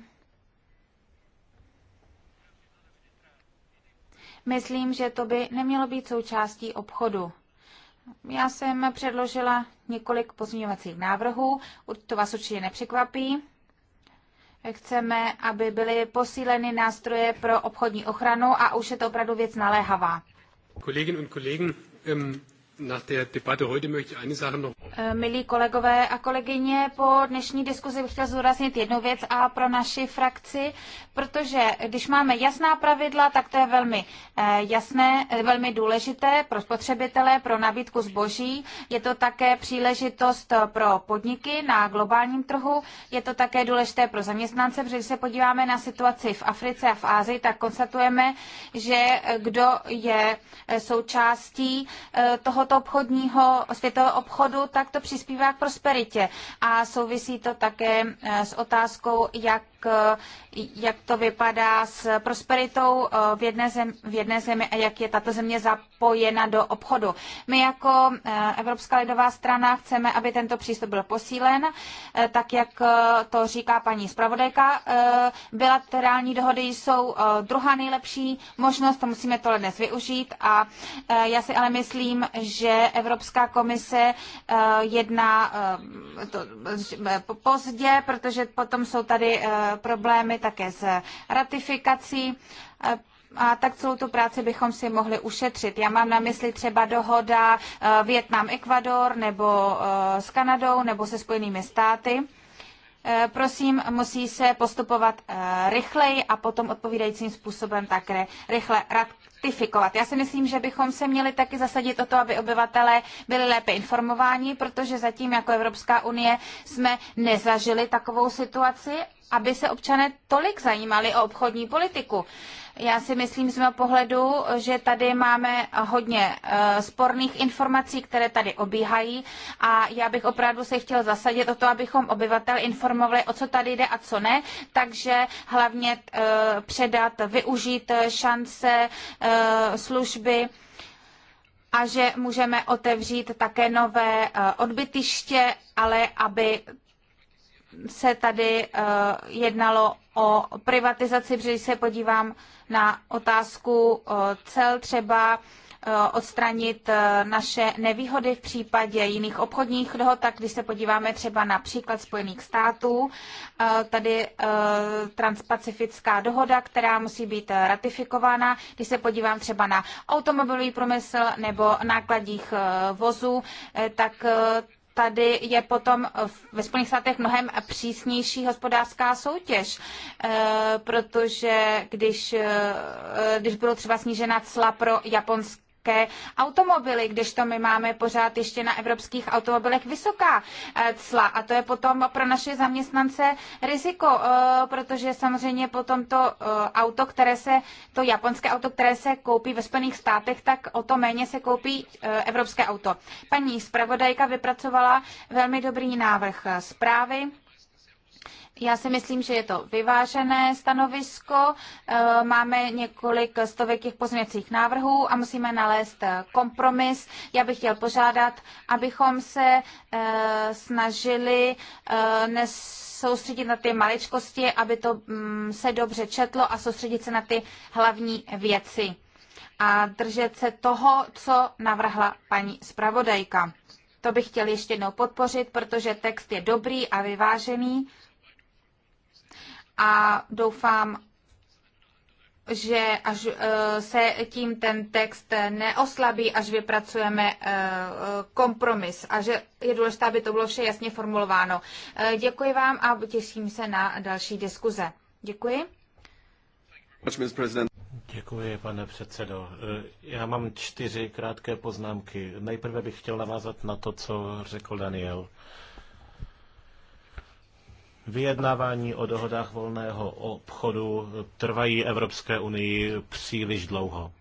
myslím, že to by nemělo být součástí obchodu. Já jsem předložila několik pozměňovacích návrhů, to vás určitě nepřekvapí. Chceme, aby byly posíleny nástroje pro obchodní ochranu a už je to opravdu věc naléhavá. Kolegyně a Kollegen, ähm, heute möchte ich eine Sache noch. Eh, milí kolegové a kolegyně, po dnešní diskuzi bych chtěl zúraznit jednu věc a pro naši frakci, protože když máme jasná pravidla, tak to je velmi eh, jasné, eh, velmi důležité pro spotřebitele, pro nabídku zboží. Je to také příležitost pro podniky na globálním trhu. Je to také důležité pro zaměstnance, protože když se podíváme na situaci v Africe a v Ázii, tak konstatujeme, že kdo je součástí toho tohoto obchodního světového obchodu, tak to přispívá k prosperitě. A souvisí to také eh, s otázkou, jak jak to vypadá s prosperitou eh, v jedné, zem, v jedné zemi a jak je tato země zapojena do obchodu. My jako eh, Evropská lidová strana chceme, aby tento přístup byl posílen, eh, tak jak to říká paní zpravodajka. Bilaterální dohody jsou druhá nejlepší možnost, to musíme tohle dnes využít a já si ale myslím, že Evropská komise jedná pozdě, protože potom jsou tady problémy také s ratifikací a tak celou tu práci bychom si mohli ušetřit. Já mám na mysli třeba dohoda eh, Vietnam, Ekvador nebo eh, s Kanadou nebo se Spojenými státy. Eh, prosím, musí se postupovat rychleji a potom odpovídajícím způsobem také rychle ratifikovat. Já si myslím, že bychom se měli taky zasadit o to, aby obyvatelé byli lépe informováni, protože zatím jako Evropská unie jsme nezažili takovou situaci aby se občané tolik zajímali o obchodní politiku. Já si myslím z mého pohledu, že tady máme hodně eh, sporných informací, které tady obíhají a já bych opravdu se chtěl zasadit o to, abychom obyvatel informovali, o co tady jde a co ne, takže hlavně eh, předat, využít eh, šance, služby a že můžeme otevřít také nové odbytiště, ale aby se tady eh, jednalo o privatizaci, protože když se podívám na otázku eh, cel třeba, eh, odstranit naše nevýhody v případě jiných obchodních dohod, tak když se podíváme třeba na příklad Spojených států, tady transpacifická dohoda, která musí být ratifikována, když se podívám třeba na automobilový průmysl nebo nákladních vozů, tak tady je potom ve Spojených státech mnohem přísnější hospodářská soutěž, eh, protože když, eh, když budou třeba snížena cla pro japonské lehké automobily, kdežto my máme pořád ještě na evropských automobilech vysoká eh, cla. A to je potom pro naše zaměstnance riziko, eh, protože samozřejmě potom to eh, auto, které se, to japonské auto, které se koupí ve Spojených státech, tak o to méně se koupí evropské auto. Paní zpravodajka vypracovala velmi dobrý návrh zprávy já si myslím, že je to vyvážené stanovisko. Eh, máme několik stovek těch pozměcích návrhů a musíme nalézt eh, kompromis. Já bych chtěl požádat, abychom se eh, snažili soustředit na ty maličkosti, aby to mm, se dobře četlo a soustředit se na ty hlavní věci a držet se toho, co navrhla paní zpravodajka. To bych chtěl ještě jednou podpořit, protože text je dobrý a vyvážený a doufám, že až eh, se tím ten text neoslabí, až vypracujeme eh, kompromis a že je důležité, aby to bylo vše jasně formulováno. Eh, děkuji vám a těším se na další diskuze. Děkuji. Děkuji, pane předsedo. Já mám čtyři krátké poznámky. Nejprve bych chtěl navázat na to, co řekl Daniel. Vyjednávání o dohodách volného obchodu trvají Evropské unii příliš dlouho.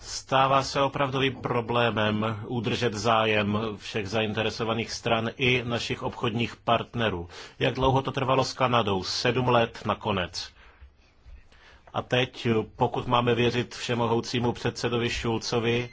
Stává se opravdovým problémem udržet zájem všech zainteresovaných stran i našich obchodních partnerů. Jak dlouho to trvalo s Kanadou? Sedm let nakonec. A teď, pokud máme věřit všemohoucímu předsedovi Šulcovi,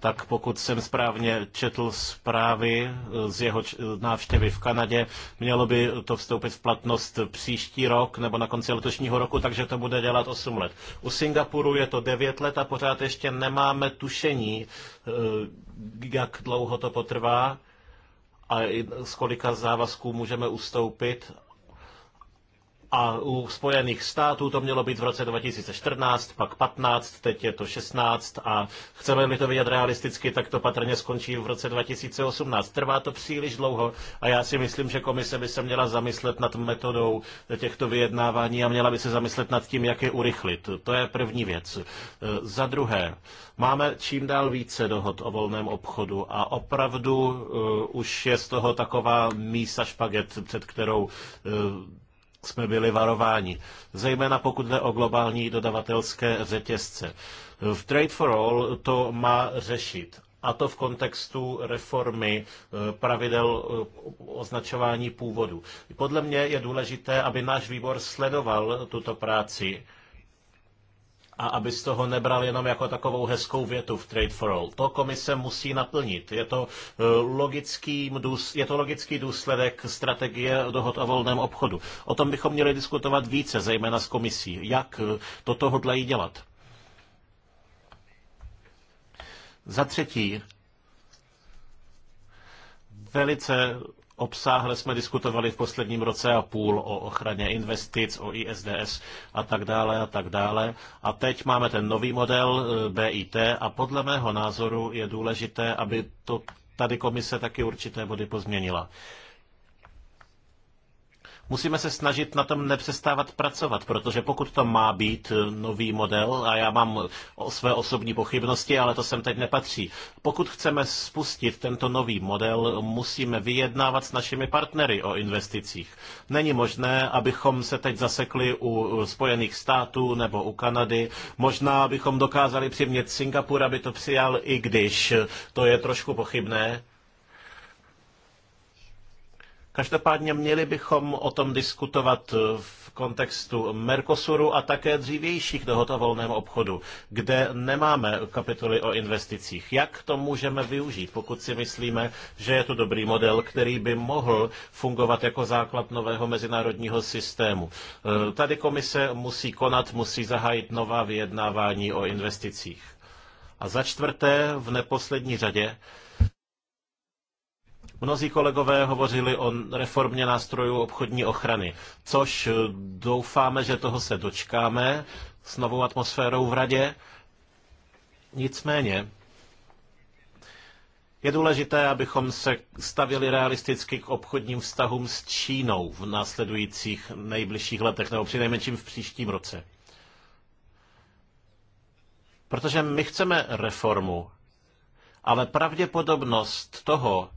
tak pokud jsem správně četl zprávy eh, z jeho eh, návštěvy v Kanadě, mělo by to vstoupit v platnost příští rok nebo na konci letošního roku, takže to bude dělat 8 let. U Singapuru je to 9 let a pořád ještě nemáme tušení, eh, jak dlouho to potrvá a z kolika závazků můžeme ustoupit a u Spojených států to mělo být v roce 2014, pak 15, teď je to 16 a chceme-li to vidět realisticky, tak to patrně skončí v roce 2018. Trvá to příliš dlouho a já si myslím, že komise by se měla zamyslet nad metodou těchto vyjednávání a měla by se zamyslet nad tím, jak je urychlit. To je první věc. E, za druhé, máme čím dál více dohod o volném obchodu a opravdu uh, už je z toho taková mísa špaget, před kterou uh, jsme byli varováni, zejména pokud jde o globální dodavatelské řetězce. V Trade for All to má řešit a to v kontextu reformy eh, pravidel eh, označování původu. Podle mě je důležité, aby náš výbor sledoval tuto práci a aby z toho nebral jenom jako takovou hezkou větu v Trade for All. To komise musí naplnit. Je to, eh, logický, je to logický důsledek strategie dohod o volném obchodu. O tom bychom měli diskutovat více, zejména s komisí. Jak eh, toto hodlají dělat? Za třetí, velice Obsáhle jsme diskutovali v posledním roce a půl o ochraně investic, o ISDS a tak dále a tak dále. A teď máme ten nový model eh, BIT a podle mého názoru je důležité, aby to tady komise taky určité body pozměnila. Musíme se snažit na tom nepřestávat pracovat, protože pokud to má být eh, nový model, a já mám o své osobní pochybnosti, ale to sem teď nepatří, pokud chceme spustit tento nový model, musíme vyjednávat s našimi partnery o investicích. Není možné, abychom se teď zasekli u eh, Spojených států nebo u Kanady. Možná bychom dokázali přimět Singapur, aby to přijal, i když eh, to je trošku pochybné. Každopádně měli bychom o tom diskutovat v kontextu Mercosuru a také dřívějších dohod o volném obchodu, kde nemáme kapitoly o investicích. Jak to můžeme využít, pokud si myslíme, že je to dobrý model, který by mohl fungovat jako základ nového mezinárodního systému? E, tady komise musí konat, musí zahájit nová vyjednávání o investicích. A za čtvrté, v neposlední řadě, Mnozí kolegové hovořili o reformě nástrojů obchodní ochrany, což eh, doufáme, že toho se dočkáme s novou atmosférou v radě. Nicméně je důležité, abychom se stavili realisticky k obchodním vztahům s Čínou v následujících nejbližších letech, nebo přinejmenším v příštím roce. Protože my chceme reformu, ale pravděpodobnost toho,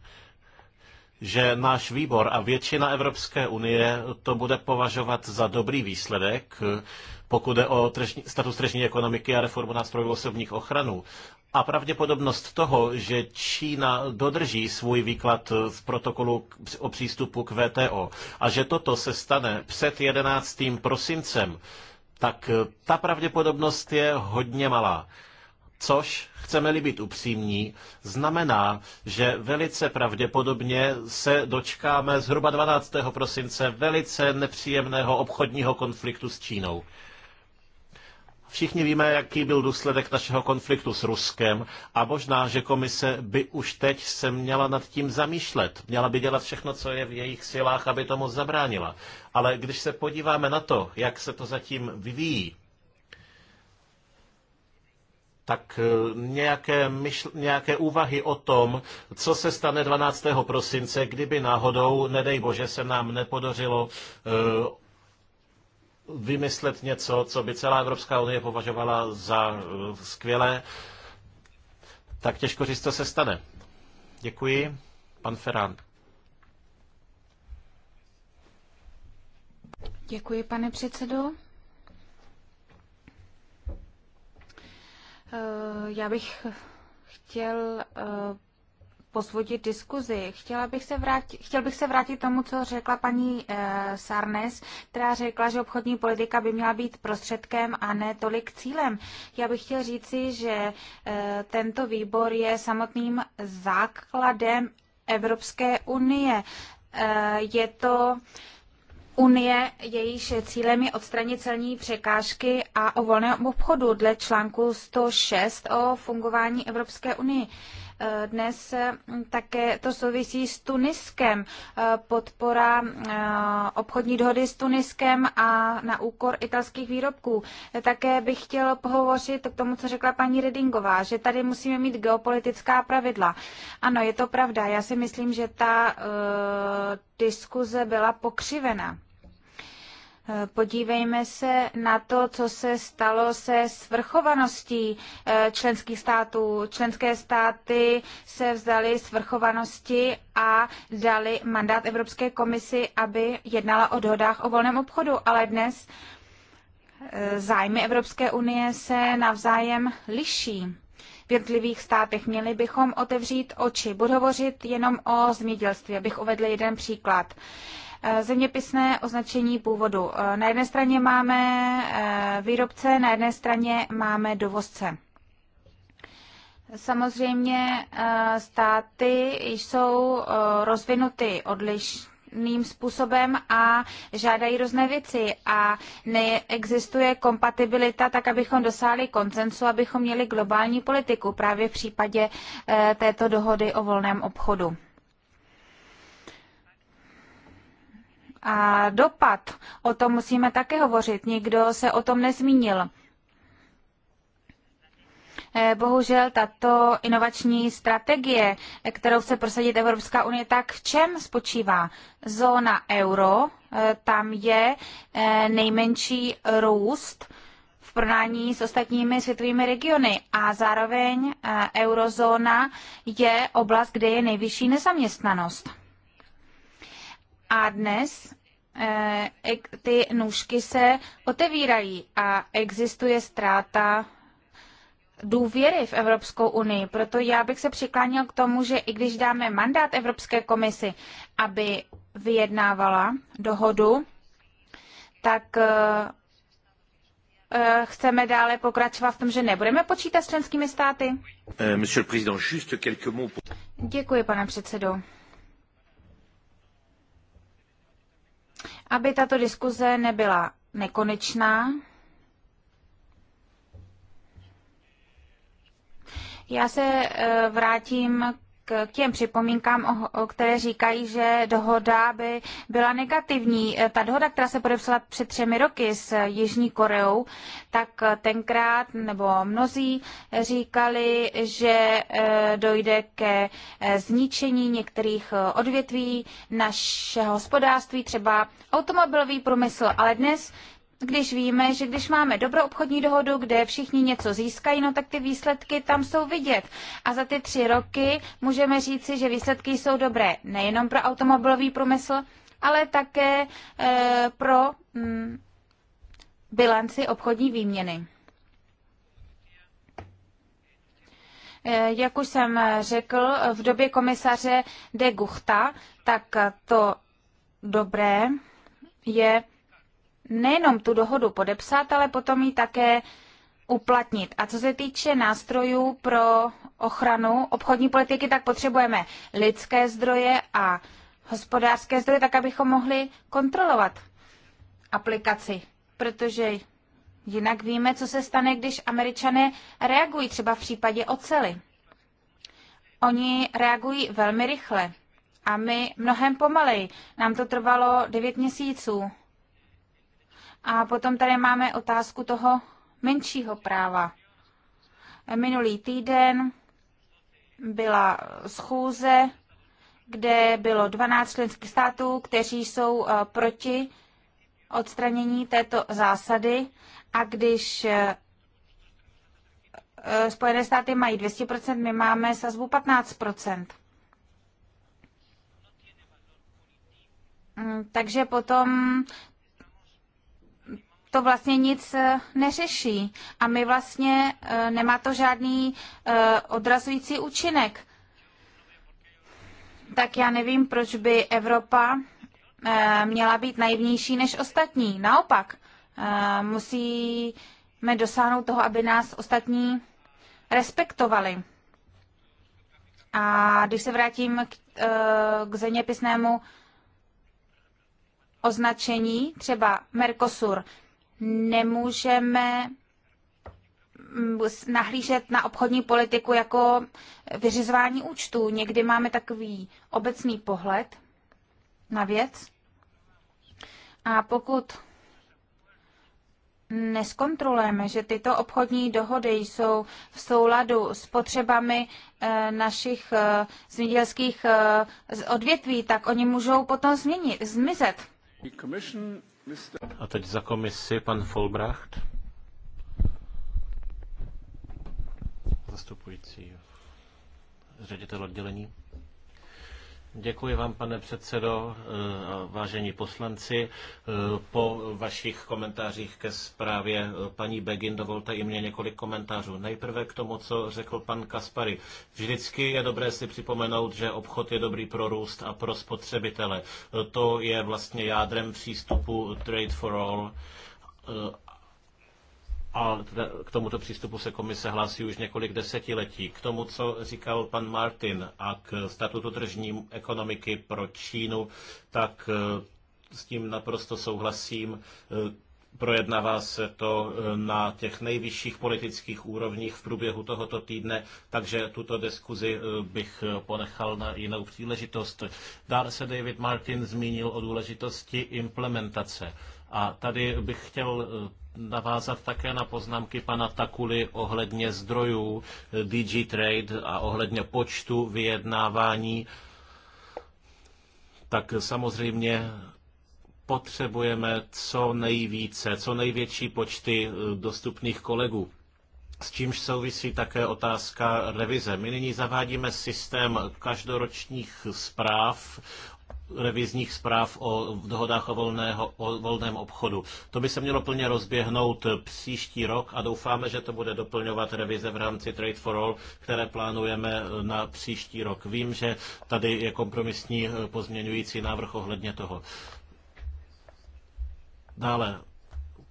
že náš výbor a většina Evropské unie to bude považovat za dobrý výsledek, pokud je o tržní, status tržní ekonomiky a reformu nástrojů osobních ochranů. A pravděpodobnost toho, že Čína dodrží svůj výklad z protokolu o přístupu k VTO a že toto se stane před 11. prosincem, tak ta pravděpodobnost je hodně malá. Což, chceme-li být upřímní, znamená, že velice pravděpodobně se dočkáme zhruba 12. prosince velice nepříjemného obchodního konfliktu s Čínou. Všichni víme, jaký byl důsledek našeho konfliktu s Ruskem a možná, že komise by už teď se měla nad tím zamýšlet. Měla by dělat všechno, co je v jejich silách, aby tomu zabránila. Ale když se podíváme na to, jak se to zatím vyvíjí, tak e, nějaké, myšl, nějaké úvahy o tom, co se stane 12. prosince, kdyby náhodou, nedej bože, se nám nepodařilo e, vymyslet něco, co by celá Evropská unie považovala za e, skvělé, tak těžko říct, co se stane. Děkuji. Pan Ferran. Děkuji, pane předsedo. Eh, já bych chtěl eh, posvodit diskuzi. Chtěla bych se vrátit, chtěl bych se vrátit tomu, co řekla paní eh, Sarnes, která řekla, že obchodní politika by měla být prostředkem a ne tolik cílem. Já bych chtěl říci, že tento výbor je samotným základem Evropské unie. je to Unie, jejíž cílem je odstranit celní překážky a o volném obchodu dle článku 106 o fungování Evropské unie. Dnes mm, také to souvisí s Tuniskem. Eh, podpora eh, obchodní dohody s Tuniskem a na úkor italských výrobků. Také bych chtěl pohovořit k tomu, co řekla paní Redingová, že tady musíme mít geopolitická pravidla. Ano, je to pravda. Já si myslím, že ta eh, diskuze byla pokřivena. Eh, podívejme se na to, co se stalo se svrchovaností eh, členských států. Členské státy se vzdali svrchovanosti a dali mandát Evropské komisi, aby jednala o dohodách o volném obchodu. Ale dnes eh, zájmy Evropské unie se navzájem liší. V jednotlivých státech měli bychom otevřít oči. Budu hovořit jenom o zemědělství, abych uvedl jeden příklad. Eh, zeměpisné označení původu. Eh, na jedné straně máme eh, výrobce, na jedné straně máme dovozce. Samozřejmě státy jsou rozvinuty odlišným způsobem a žádají různé věci a neexistuje kompatibilita tak, abychom dosáhli koncensu, abychom měli globální politiku právě v případě této dohody o volném obchodu. A dopad, o tom musíme také hovořit, nikdo se o tom nezmínil. Eh, bohužel tato inovační strategie, eh, kterou chce prosadit Evropská unie, tak v čem spočívá? Zóna euro, eh, tam je nejmenší růst v porovnání s ostatními světovými regiony a zároveň eurozóna je oblast, kde je nejvyšší nezaměstnanost. A dnes eh, ty nůžky se otevírají a existuje ztráta důvěry v Evropskou unii. Proto já bych se přiklánil k tomu, že i když dáme mandát Evropské komisi, aby vyjednávala dohodu, tak eh, eh, chceme dále pokračovat v tom, že nebudeme počítat s členskými státy? Děkuji, pane předsedo. aby tato diskuze nebyla nekonečná. Já se eh, vrátím k těm připomínkám, které říkají, že dohoda by byla negativní. E, ta dohoda, která se podepsala před třemi roky s Jižní Koreou, tak tenkrát nebo mnozí říkali, že e, dojde ke e, zničení některých odvětví našeho hospodářství, třeba automobilový průmysl, ale dnes když víme, že když máme dobrou obchodní dohodu, kde všichni něco získají, no tak ty výsledky tam jsou vidět. A za ty tři roky můžeme říci, že výsledky jsou dobré nejenom pro automobilový průmysl, ale také e, pro mm, bilanci obchodní výměny. Eh, jak už jsem řekl, v době komisaře de Guchta, tak to dobré je nejenom tu dohodu podepsat, ale potom ji také uplatnit. A co se týče nástrojů pro ochranu obchodní politiky, tak potřebujeme lidské zdroje a hospodářské zdroje, tak abychom mohli kontrolovat aplikaci. Protože jinak víme, co se stane, když američané reagují třeba v případě ocely. Oni reagují velmi rychle a my mnohem pomaleji. Nám to trvalo 9 měsíců a potom tady máme otázku toho menšího práva. Minulý týden byla schůze, kde bylo 12 členských států, kteří jsou eh, proti odstranění této zásady. A když eh, eh, Spojené státy mají 200%, my máme sazbu 15%. Mm, takže potom to vlastně nic eh, neřeší a my vlastně eh, nemá to žádný eh, odrazující účinek. Tak já nevím, proč by Evropa měla být naivnější než ostatní. Naopak, musíme dosáhnout toho, aby nás ostatní respektovali. A když se vrátím k, k zeměpisnému označení, třeba Mercosur, nemůžeme nahlížet na obchodní politiku jako vyřizování účtů. Někdy máme takový obecný pohled na věc. A pokud neskontrolujeme, že tyto obchodní dohody jsou v souladu s potřebami eh, našich eh, zemědělských eh, odvětví, tak oni můžou potom změnit, zmizet. A teď za komisi pan Folbracht. Zastupující ředitel oddělení. Děkuji vám, pane předsedo, eh, vážení poslanci. Eh, po vašich komentářích ke zprávě eh, paní Begin dovolte i mě několik komentářů. Nejprve k tomu, co řekl pan Kaspary. Vždycky je dobré si připomenout, že obchod je dobrý pro růst a pro spotřebitele. To je vlastně jádrem přístupu Trade for All a k tomuto přístupu se komise hlásí už několik desetiletí. K tomu, co říkal pan Martin a k statutu tržní ekonomiky pro Čínu, tak e, s tím naprosto souhlasím. E, projednává se to e, na těch nejvyšších politických úrovních v průběhu tohoto týdne, takže tuto diskuzi bych ponechal na jinou příležitost. Dále se David Martin zmínil o důležitosti implementace. A tady bych chtěl eh, navázat také na poznámky pana Takuly ohledně zdrojů eh, DG Trade a ohledně počtu vyjednávání. Tak samozřejmě potřebujeme co nejvíce, co největší počty eh, dostupných kolegů. S čímž souvisí také otázka revize. My nyní zavádíme systém každoročních zpráv revizních zpráv o dohodách o, volného, o volném obchodu. To by se mělo plně rozběhnout příští rok a doufáme, že to bude doplňovat revize v rámci Trade for All, které plánujeme na příští rok. Vím, že tady je kompromisní pozměňující návrh ohledně toho. Dále,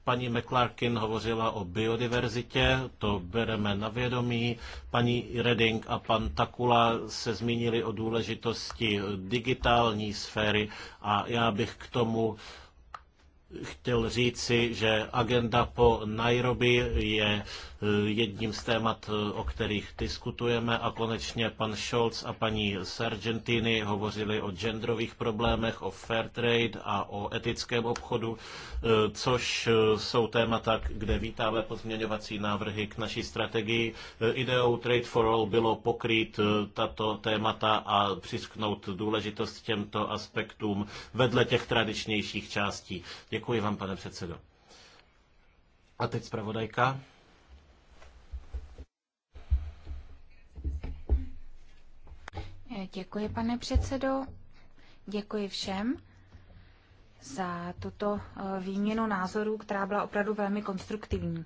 Paní McClarkin hovořila o biodiverzitě, to bereme na vědomí. Paní Redding a pan Takula se zmínili o důležitosti digitální sféry a já bych k tomu chtěl říci, že agenda po Nairobi je Eh, jedním z témat, eh, o kterých diskutujeme. A konečně pan Scholz a paní Sargentini hovořili o genderových problémech, o fair trade a o etickém obchodu, eh, což jsou témata, kde vítáme pozměňovací návrhy k naší strategii. Ideou Trade for All bylo pokrýt tato témata a přisknout důležitost těmto aspektům vedle těch tradičnějších částí. Děkuji vám, pane předsedo. A teď zpravodajka. Děkuji, pane předsedo. Děkuji všem za tuto eh, výměnu názorů, která byla opravdu velmi konstruktivní.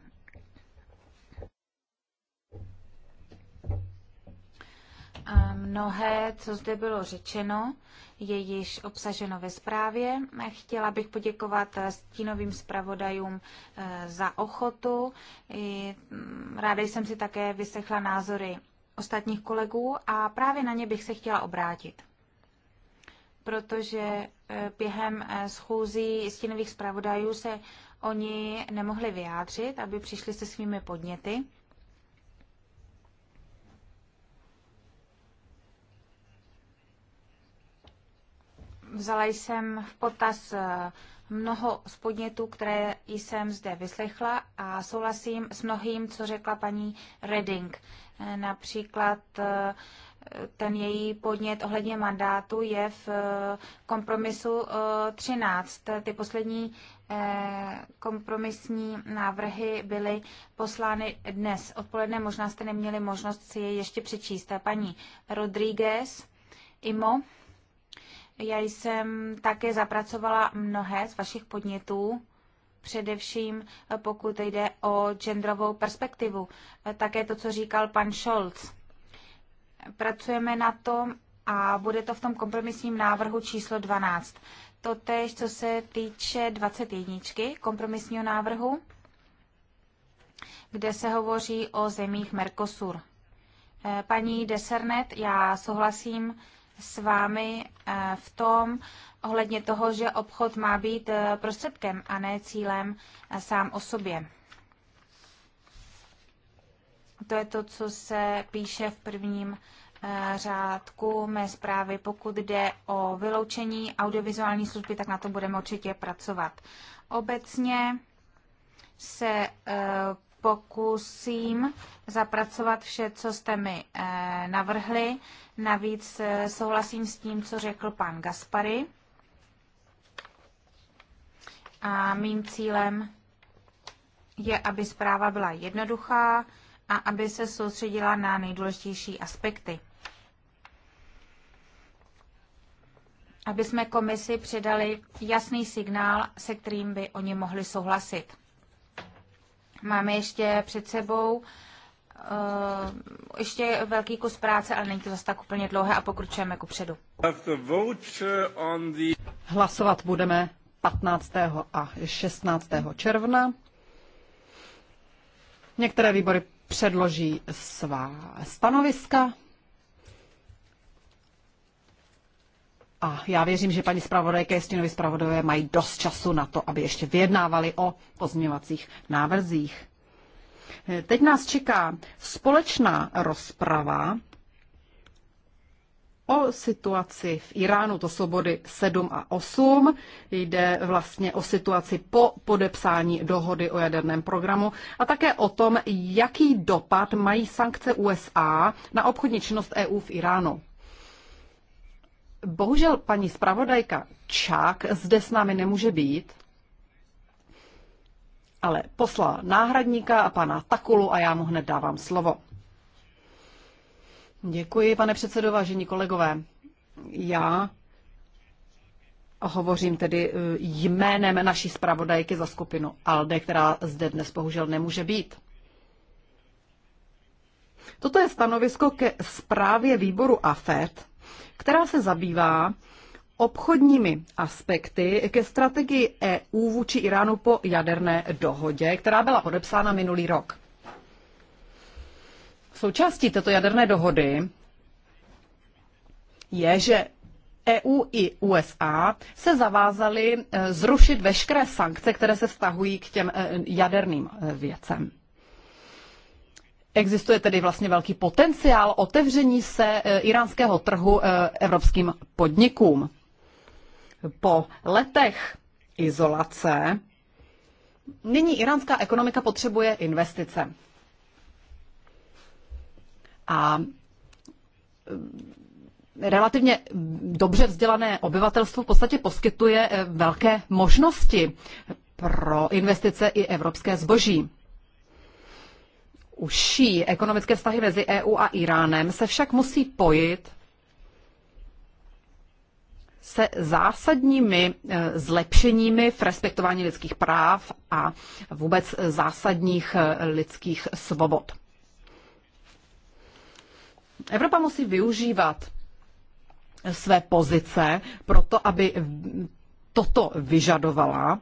A mnohé, co zde bylo řečeno, je již obsaženo ve zprávě. Chtěla bych poděkovat eh, stínovým zpravodajům eh, za ochotu. Mm, ráda jsem si také vyslechla názory ostatních kolegů a právě na ně bych se chtěla obrátit. Protože eh, během eh, schůzí stínových zpravodajů se oni nemohli vyjádřit, aby přišli se svými podněty. Vzala jsem v potaz eh, mnoho z podnětů, které jsem zde vyslechla a souhlasím s mnohým, co řekla paní Redding. Například eh, ten její podnět ohledně mandátu je v eh, kompromisu 13. Eh, Ty poslední kompromisní návrhy byly poslány dnes odpoledne. Možná jste neměli možnost si je ještě přečíst. Paní Rodríguez, Imo, já jsem také zapracovala mnohé z vašich podnětů především eh, pokud jde o genderovou perspektivu. Eh, také to, co říkal pan Scholz. Pracujeme na tom a bude to v tom kompromisním návrhu číslo 12. Totež, co se týče 21. kompromisního návrhu, kde se hovoří o zemích Mercosur. Eh, paní Desernet, já souhlasím s vámi eh, v tom, ohledně toho, že obchod má být eh, prostředkem a ne cílem eh, sám o sobě. To je to, co se píše v prvním řádku mé zprávy. Pokud jde o vyloučení audiovizuální služby, tak na to budeme určitě pracovat. Obecně se pokusím zapracovat vše, co jste mi eh, navrhli. Navíc eh, souhlasím s tím, co řekl pan Gaspary. A mým cílem je, aby zpráva byla jednoduchá a aby se soustředila na nejdůležitější aspekty. Aby jsme komisi předali jasný signál, se kterým by oni mohli souhlasit. Máme ještě před sebou uh, ještě velký kus práce, ale není to zase tak úplně dlouhé a pokročujeme ku předu. Hlasovat budeme 15. a 16. června. Některé výbory předloží svá stanoviska. A já věřím, že paní zpravodajka a stínovi zpravodajové mají dost času na to, aby ještě vyjednávali o pozměvacích návrzích. Eh, teď nás čeká společná rozprava o situaci v Iránu, to jsou body 7 a 8. Jde vlastně o situaci po podepsání dohody o jaderném programu a také o tom, jaký dopad mají sankce USA na obchodní činnost EU v Iránu. Bohužel paní zpravodajka Čák zde s námi nemůže být, ale poslal náhradníka a pana Takulu a já mu hned dávám slovo. Děkuji, pane předsedo, vážení kolegové. Já hovořím tedy eh, jménem naší zpravodajky za skupinu ALDE, která zde dnes bohužel nemůže být. Toto je stanovisko ke zprávě výboru AFET která se zabývá obchodními aspekty ke strategii EU vůči Iránu po jaderné dohodě, která byla podepsána minulý rok. V součástí této jaderné dohody je, že EU i USA se zavázaly eh, zrušit veškeré sankce, které se vztahují k těm eh, jaderným eh, věcem. Existuje tedy vlastně velký potenciál otevření se e, iránského trhu e, evropským podnikům. Po letech izolace nyní iránská ekonomika potřebuje investice. A e, relativně dobře vzdělané obyvatelstvo v podstatě poskytuje velké možnosti pro investice i evropské zboží užší ekonomické vztahy mezi EU a Iránem se však musí pojit se zásadními eh, zlepšeními v respektování lidských práv a vůbec zásadních eh, lidských svobod. Evropa musí využívat své pozice proto, aby toto vyžadovala.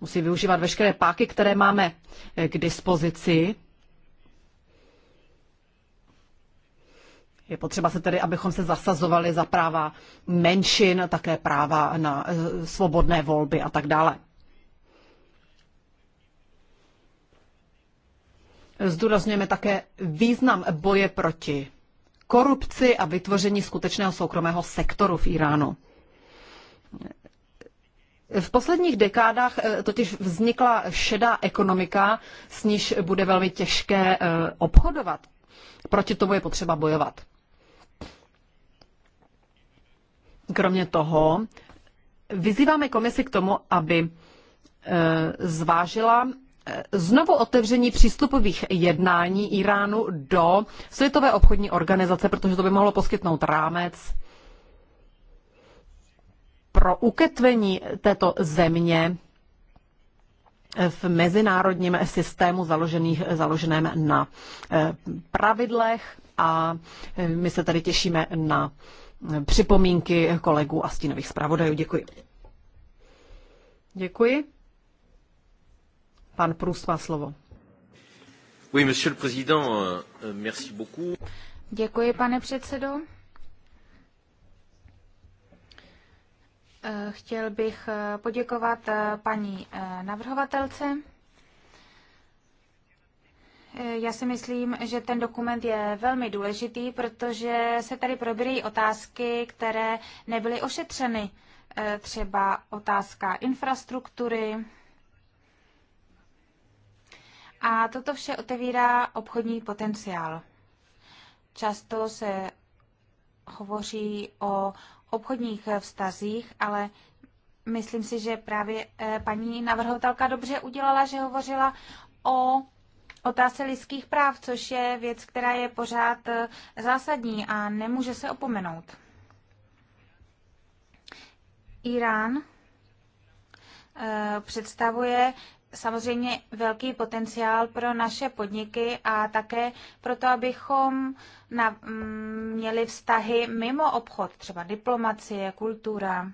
Musí využívat veškeré páky, které máme eh, k dispozici Je potřeba se tedy, abychom se zasazovali za práva menšin, také práva na eh, svobodné volby a tak dále. Zdůrazňujeme také význam boje proti korupci a vytvoření skutečného soukromého sektoru v Iránu. V posledních dekádách eh, totiž vznikla šedá ekonomika, s níž bude velmi těžké eh, obchodovat. Proti tomu je potřeba bojovat. Kromě toho vyzýváme komisi k tomu, aby e, zvážila e, znovu otevření přístupových jednání Iránu do Světové obchodní organizace, protože to by mohlo poskytnout rámec pro uketvení této země v mezinárodním systému založených, založeném na e, pravidlech a my se tady těšíme na připomínky kolegů a stínových zpravodajů. Děkuji. Děkuji. Pan Průst má slovo. Oui, monsieur le président, euh, merci beaucoup. Děkuji, pane předsedo. Eh, chtěl bych eh, poděkovat eh, paní navrhovatelce. Eh, já si myslím, že ten dokument je velmi důležitý, protože se tady probírají otázky, které nebyly ošetřeny. Eh, třeba otázka infrastruktury. A toto vše otevírá obchodní potenciál. Často se hovoří o obchodních vztazích, ale myslím si, že právě eh, paní navrhovatelka dobře udělala, že hovořila o otázce lidských práv, což je věc, která je pořád eh, zásadní a nemůže se opomenout. Irán eh, představuje samozřejmě velký potenciál pro naše podniky a také proto, abychom na, mm, měli vztahy mimo obchod, třeba diplomacie, kultura.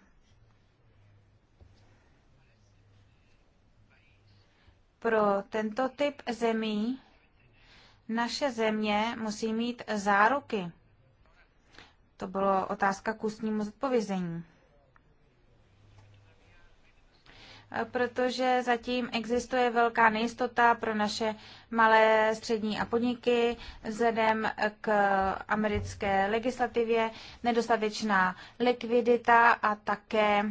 pro tento typ zemí naše země musí mít záruky. To bylo otázka k ústnímu zodpovězení. Protože zatím existuje velká nejistota pro naše malé, střední a podniky vzhledem k americké legislativě, nedostatečná likvidita a také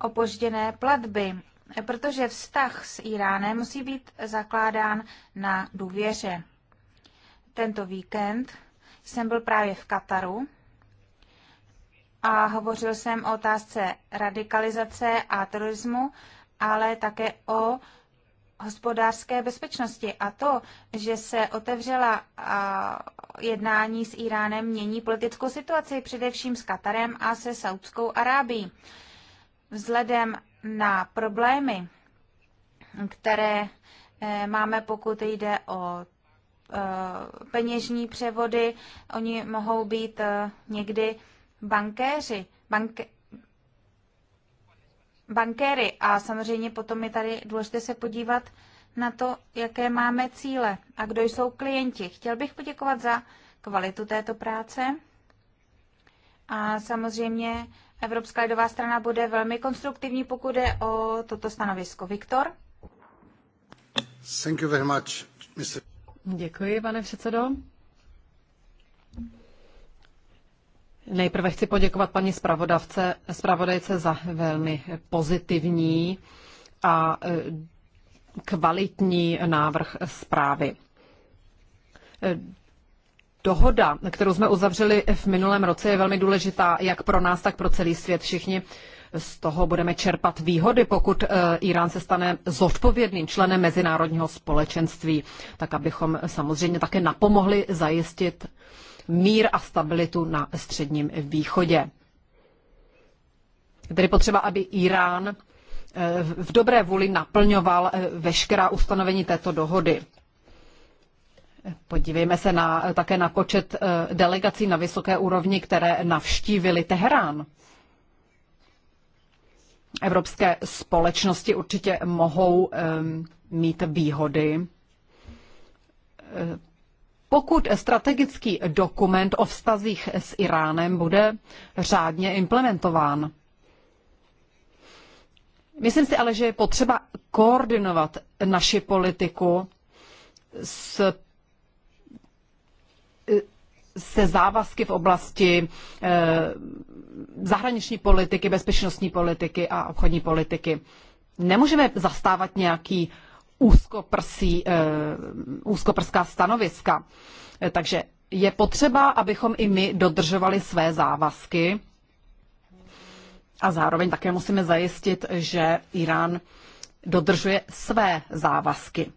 opožděné platby protože vztah s Iránem musí být zakládán na důvěře. Tento víkend jsem byl právě v Kataru a hovořil jsem o otázce radikalizace a terorismu, ale také o hospodářské bezpečnosti. A to, že se otevřela jednání s Iránem, mění politickou situaci především s Katarem a se Saudskou Arábí. Vzhledem na problémy, které eh, máme, pokud jde o eh, peněžní převody, oni mohou být eh, někdy bankéři, bank, bankéry a samozřejmě potom je tady důležité se podívat na to, jaké máme cíle a kdo jsou klienti. Chtěl bych poděkovat za kvalitu této práce a samozřejmě Evropská lidová strana bude velmi konstruktivní, pokud je o toto stanovisko. Viktor? Thank you very much, Mr. Děkuji, pane předsedo. Nejprve chci poděkovat paní zpravodavce, zpravodajce za velmi pozitivní a e, kvalitní návrh zprávy. E, dohoda, kterou jsme uzavřeli v minulém roce, je velmi důležitá jak pro nás, tak pro celý svět. Všichni z toho budeme čerpat výhody, pokud eh, Irán se stane zodpovědným členem mezinárodního společenství, tak abychom samozřejmě také napomohli zajistit mír a stabilitu na Středním východě. Tedy potřeba, aby Irán eh, v dobré vůli naplňoval eh, veškerá ustanovení této dohody. Podívejme se na, také na počet eh, delegací na vysoké úrovni, které navštívili Teherán. Evropské společnosti určitě mohou mít výhody. Eh, pokud strategický dokument o vztazích s Iránem bude řádně implementován. Myslím si ale, že je potřeba koordinovat naši politiku s se závazky v oblasti eh, zahraniční politiky, bezpečnostní politiky a obchodní politiky. Nemůžeme zastávat nějaký úzkoprsí, eh, úzkoprská stanoviska. Eh, takže je potřeba, abychom i my dodržovali své závazky a zároveň také musíme zajistit, že Irán dodržuje své závazky.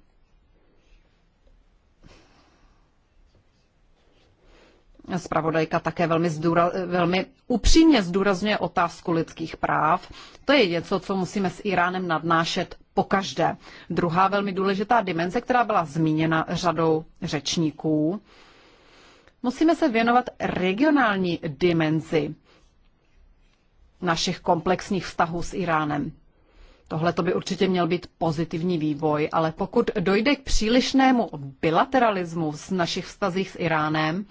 Spravodajka také velmi, zdůra, velmi upřímně zdůrazňuje otázku lidských práv. To je něco, co musíme s Iránem nadnášet každé. Druhá velmi důležitá dimenze, která byla zmíněna řadou řečníků, musíme se věnovat regionální dimenzi našich komplexních vztahů s Iránem. Tohle to by určitě měl být pozitivní vývoj, ale pokud dojde k přílišnému bilateralismu s našich vztazích s Iránem,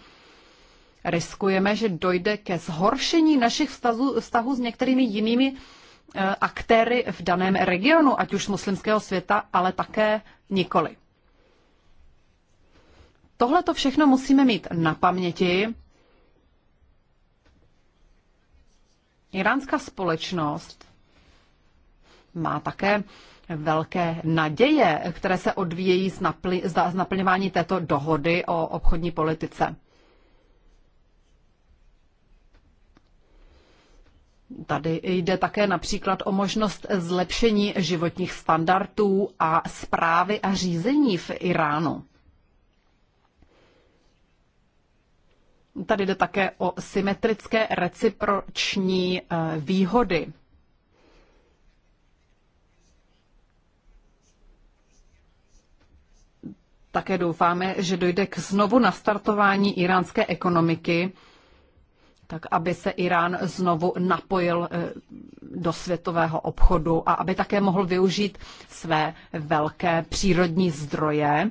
riskujeme, že dojde ke zhoršení našich vztahů, vztahů s některými jinými eh, aktéry v daném regionu, ať už muslimského světa, ale také nikoli. Tohle to všechno musíme mít na paměti. Iránská společnost má také velké naděje, které se odvíjejí z, napl- z naplňování této dohody o obchodní politice. Tady jde také například o možnost zlepšení životních standardů a zprávy a řízení v Iránu. Tady jde také o symetrické reciproční eh, výhody. Také doufáme, že dojde k znovu nastartování iránské ekonomiky tak aby se Irán znovu napojil eh, do světového obchodu a aby také mohl využít své velké přírodní zdroje, eh,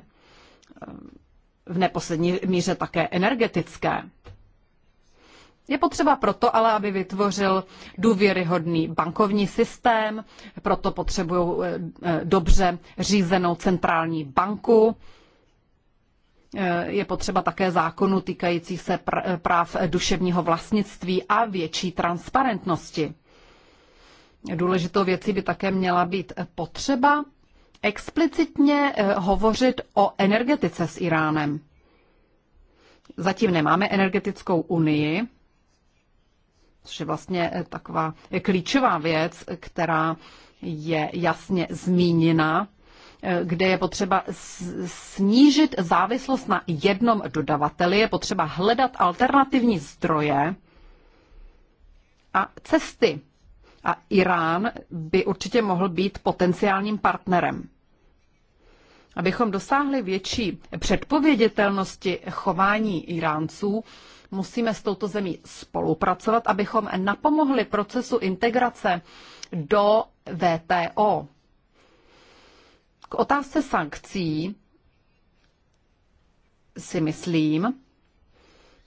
v neposlední míře také energetické. Je potřeba proto ale, aby vytvořil důvěryhodný bankovní systém, proto potřebují eh, dobře řízenou centrální banku, je potřeba také zákonu týkající se pr- práv duševního vlastnictví a větší transparentnosti. Důležitou věcí by také měla být potřeba explicitně eh, hovořit o energetice s Iránem. Zatím nemáme energetickou unii, což je vlastně eh, taková klíčová věc, která je jasně zmíněna kde je potřeba snížit závislost na jednom dodavateli, je potřeba hledat alternativní zdroje a cesty. A Irán by určitě mohl být potenciálním partnerem. Abychom dosáhli větší předpověditelnosti chování Iránců, musíme s touto zemí spolupracovat, abychom napomohli procesu integrace do VTO. K otázce sankcí si myslím,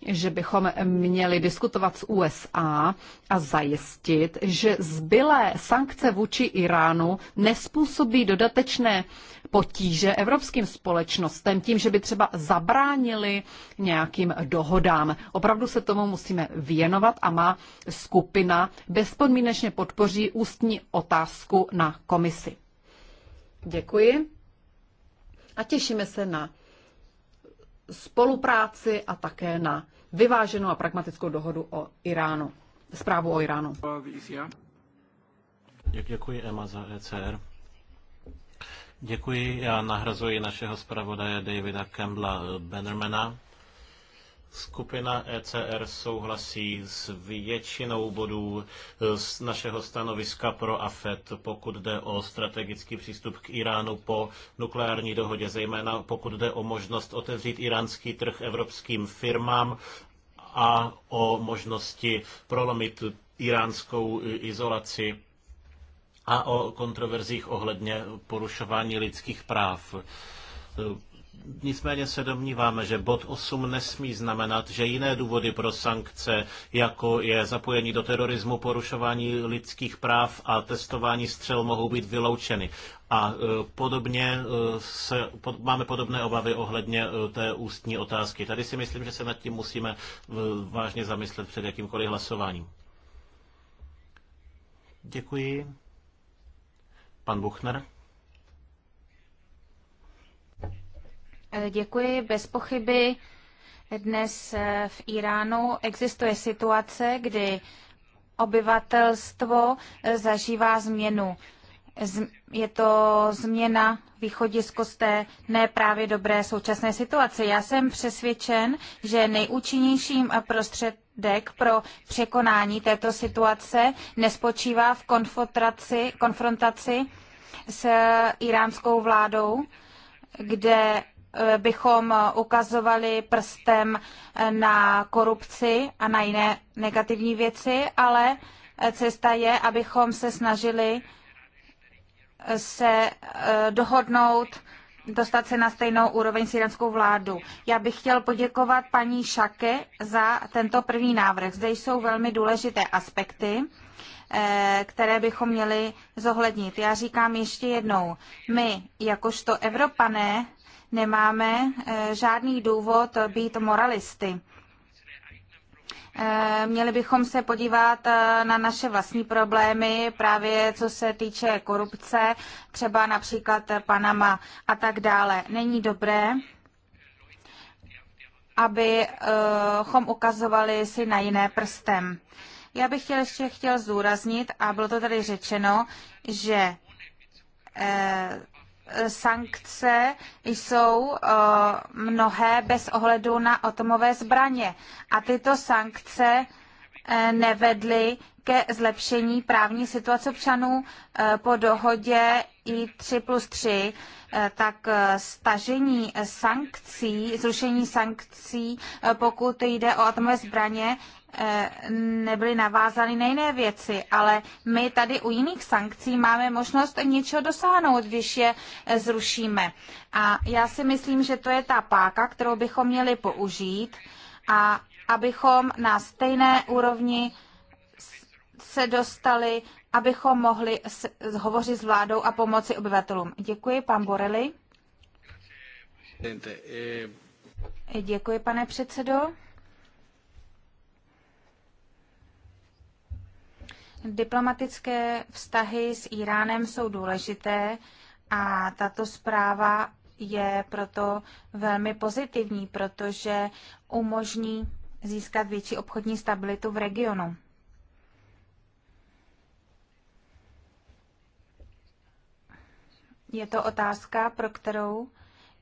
že bychom měli diskutovat s USA a zajistit, že zbylé sankce vůči Iránu nespůsobí dodatečné potíže evropským společnostem tím, že by třeba zabránili nějakým dohodám. Opravdu se tomu musíme věnovat a má skupina bezpodmínečně podpoří ústní otázku na komisi. Děkuji a těšíme se na spolupráci a také na vyváženou a pragmatickou dohodu o Iránu, zprávu o Iránu. Děkuji Emma za ECR. Děkuji, já nahrazuji našeho zpravodaje Davida Kembla Bannermana. Skupina ECR souhlasí s většinou bodů eh, z našeho stanoviska pro AFET, pokud jde o strategický přístup k Iránu po nukleární dohodě, zejména pokud jde o možnost otevřít iránský trh evropským firmám a o možnosti prolomit iránskou eh, izolaci a o kontroverzích ohledně porušování lidských práv. Eh, Nicméně se domníváme, že bod 8 nesmí znamenat, že jiné důvody pro sankce, jako je zapojení do terorismu, porušování lidských práv a testování střel, mohou být vyloučeny. A e, podobně e, se, pod, máme podobné obavy ohledně e, té ústní otázky. Tady si myslím, že se nad tím musíme vážně zamyslet před jakýmkoliv hlasováním. Děkuji. Pan Buchner. Eh, děkuji. Bez pochyby eh, dnes eh, v Iránu existuje situace, kdy obyvatelstvo zažívá změnu. Je to změna východisko z té ne právě dobré současné situace. Já jsem přesvědčen, že nejúčinnějším prostředek pro překonání této situace nespočívá v konfrontaci, konfrontaci s iránskou vládou, kde bychom ukazovali prstem na korupci a na jiné negativní věci, ale cesta je, abychom se snažili se eh, dohodnout, dostat se na stejnou úroveň s iránskou vládu. Já bych chtěl poděkovat paní Šake za tento první návrh. Zde jsou velmi důležité aspekty, eh, které bychom měli zohlednit. Já říkám ještě jednou, my jakožto Evropané nemáme eh, žádný důvod být moralisty. Eh, měli bychom se podívat eh, na naše vlastní problémy, právě co se týče korupce, třeba například Panama a tak dále. Není dobré, abychom ukazovali si na jiné prstem. Já bych chtěl ještě chtěl zúraznit, a bylo to tady řečeno, že sankce jsou eh, mnohé bez ohledu na atomové zbraně. A tyto sankce eh, nevedly ke zlepšení právní situace občanů eh, po dohodě i 3 plus 3, tak stažení sankcí, zrušení sankcí, pokud jde o atomové zbraně, Eh, nebyly navázány na jiné věci, ale my tady u jiných sankcí máme možnost něčeho dosáhnout, když je eh, zrušíme. A já si myslím, že to je ta páka, kterou bychom měli použít a abychom na stejné úrovni se dostali, abychom mohli hovořit s vládou a pomoci obyvatelům. Děkuji, pan Borelli. Eh, Děkuji, pane předsedo. Diplomatické vztahy s Iránem jsou důležité a tato zpráva je proto velmi pozitivní, protože umožní získat větší obchodní stabilitu v regionu. Je to otázka, pro kterou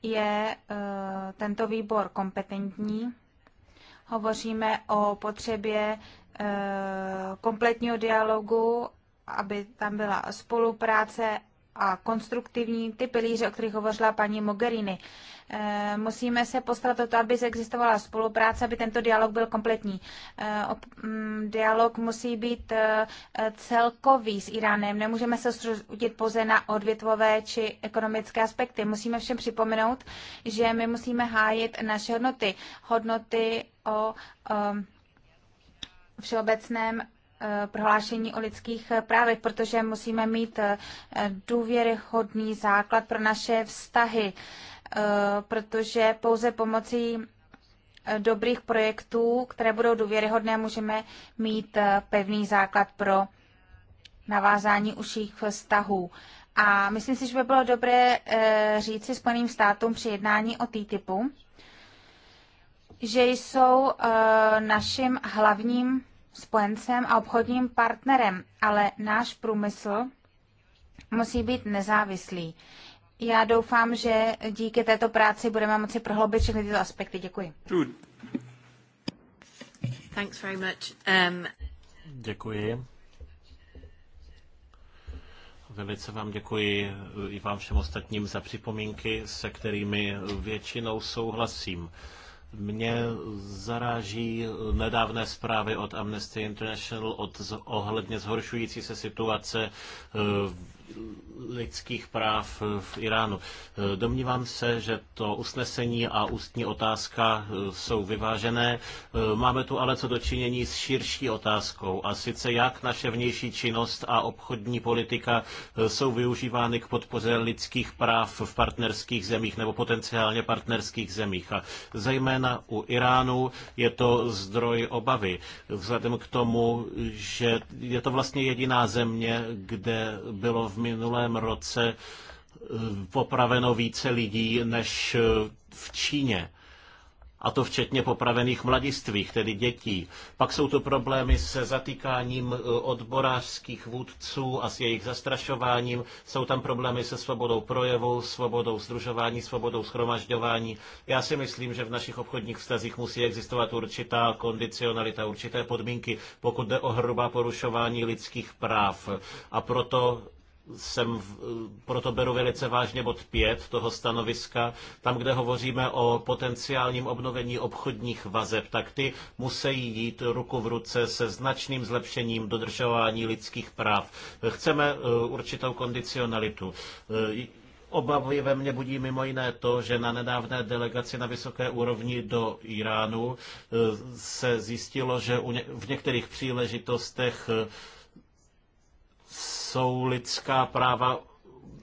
je eh, tento výbor kompetentní hovoříme o potřebě eh, kompletního dialogu, aby tam byla spolupráce a konstruktivní, ty pilíře, o kterých hovořila paní Mogherini. Eh, musíme se postarat o to, aby existovala spolupráce, aby tento dialog byl kompletní. Eh, mm, dialog musí být eh, celkový s Iránem. Nemůžeme se soustředit pouze na odvětvové či ekonomické aspekty. Musíme všem připomenout, že my musíme hájit naše hodnoty. Hodnoty o všeobecném Eh, prohlášení o lidských eh, právech, protože musíme mít eh, důvěryhodný základ pro naše vztahy, protože pouze pomocí dobrých projektů, které budou důvěryhodné, můžeme mít pevný základ pro navázání uších vztahů. A myslím si, že by bylo dobré říci Spojeným státům při jednání o TTIPu, že jsou naším hlavním spojencem a obchodním partnerem, ale náš průmysl musí být nezávislý. Já doufám, že díky této práci budeme moci prohloubit všechny tyto aspekty. Děkuji. Thanks very much. Um, děkuji. Velice vám děkuji eh, i vám všem ostatním za připomínky, se kterými většinou souhlasím. Mě zaráží nedávné zprávy od Amnesty International od ohledně zhoršující se situace eh, lidských práv v Iránu. Domnívám se, že to usnesení a ústní otázka eh, jsou vyvážené. Eh, máme tu ale co dočinění s širší otázkou, a sice jak naše vnější činnost a obchodní politika eh, jsou využívány k podpoře lidských práv v partnerských zemích nebo potenciálně partnerských zemích. A zejména u Iránu je to zdroj obavy, vzhledem k tomu, že je to vlastně jediná země, kde bylo v minulém minulém roce eh, popraveno více lidí než eh, v Číně. A to včetně popravených mladistvých, tedy dětí. Pak jsou to problémy se zatýkáním eh, odborářských vůdců a s jejich zastrašováním. Jsou tam problémy se svobodou projevu, svobodou združování, svobodou schromažďování. Já si myslím, že v našich obchodních vztazích musí existovat určitá kondicionalita, určité podmínky, pokud jde o hrubá porušování lidských práv. A proto jsem eh, proto beru velice vážně bod 5 toho stanoviska, tam, kde hovoříme o potenciálním obnovení obchodních vazeb, tak ty musí jít ruku v ruce se značným zlepšením dodržování lidských práv. Chceme eh, určitou kondicionalitu. Eh, obavy ve mně budí mimo jiné to, že na nedávné delegaci na vysoké úrovni do Iránu se zjistilo, že v některých příležitostech jsou lidská práva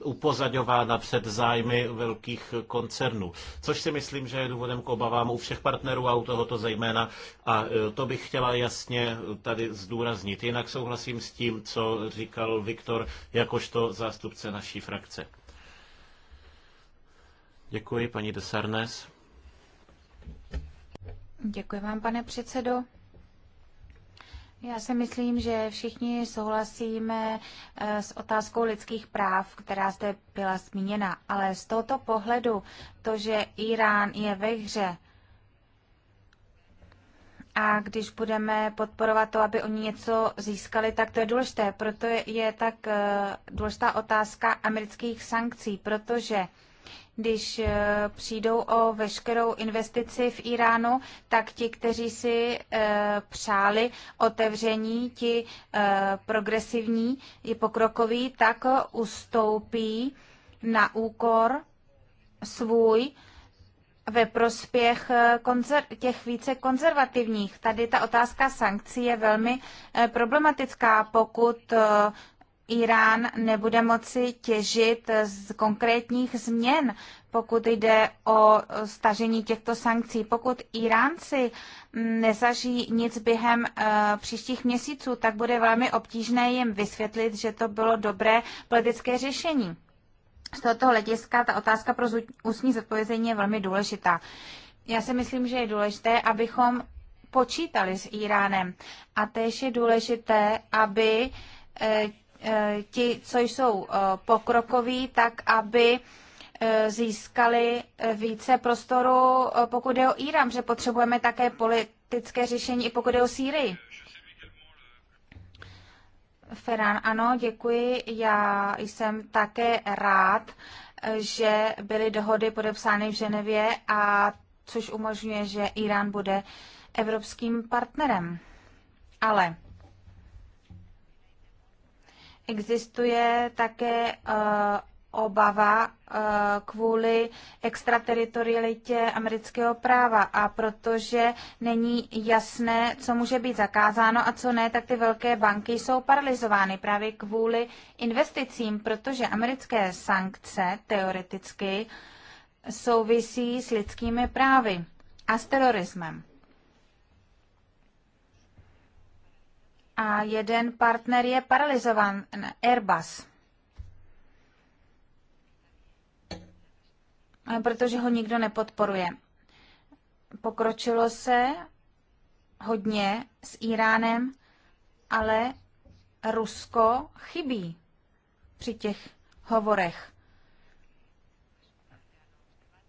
upozaďována před zájmy velkých koncernů. Což si myslím, že je důvodem k obavám u všech partnerů a u tohoto zejména. A e, to bych chtěla jasně tady zdůraznit. Jinak souhlasím s tím, co říkal Viktor jakožto zástupce naší frakce. Děkuji, paní Desarnes. Děkuji vám, pane předsedo. Já si myslím, že všichni souhlasíme eh, s otázkou lidských práv, která zde byla zmíněna, ale z tohoto pohledu to, že Irán je ve hře a když budeme podporovat to, aby oni něco získali, tak to je důležité. Proto je tak eh, důležitá otázka amerických sankcí, protože když eh, přijdou o veškerou investici v Iránu, tak ti, kteří si eh, přáli otevření, ti eh, progresivní i pokrokoví, tak ustoupí na úkor svůj ve prospěch těch více konzervativních. Tady ta otázka sankcí je velmi problematická, pokud Irán nebude moci těžit z konkrétních změn, pokud jde o stažení těchto sankcí. Pokud Iránci nezažijí nic během eh, příštích měsíců, tak bude velmi obtížné jim vysvětlit, že to bylo dobré politické řešení. Z tohoto hlediska ta otázka pro ústní zodpovězení je velmi důležitá. Já si myslím, že je důležité, abychom počítali s Iránem. A též je důležité, aby eh, Eh, ti, co jsou eh, pokrokoví, tak aby eh, získali více prostoru, pokud je o Irán, že potřebujeme také politické řešení, i pokud je o Sýrii. Ferán, ano, děkuji. Já jsem také rád, že byly dohody podepsány v Ženevě, a což umožňuje, že Irán bude evropským partnerem. Ale Existuje také eh, obava eh, kvůli extrateritorialitě amerického práva a protože není jasné, co může být zakázáno a co ne, tak ty velké banky jsou paralizovány právě kvůli investicím, protože americké sankce teoreticky souvisí s lidskými právy a s terorismem. a jeden partner je paralizovan, Airbus. Protože ho nikdo nepodporuje. Pokročilo se hodně s Iránem, ale Rusko chybí při těch hovorech.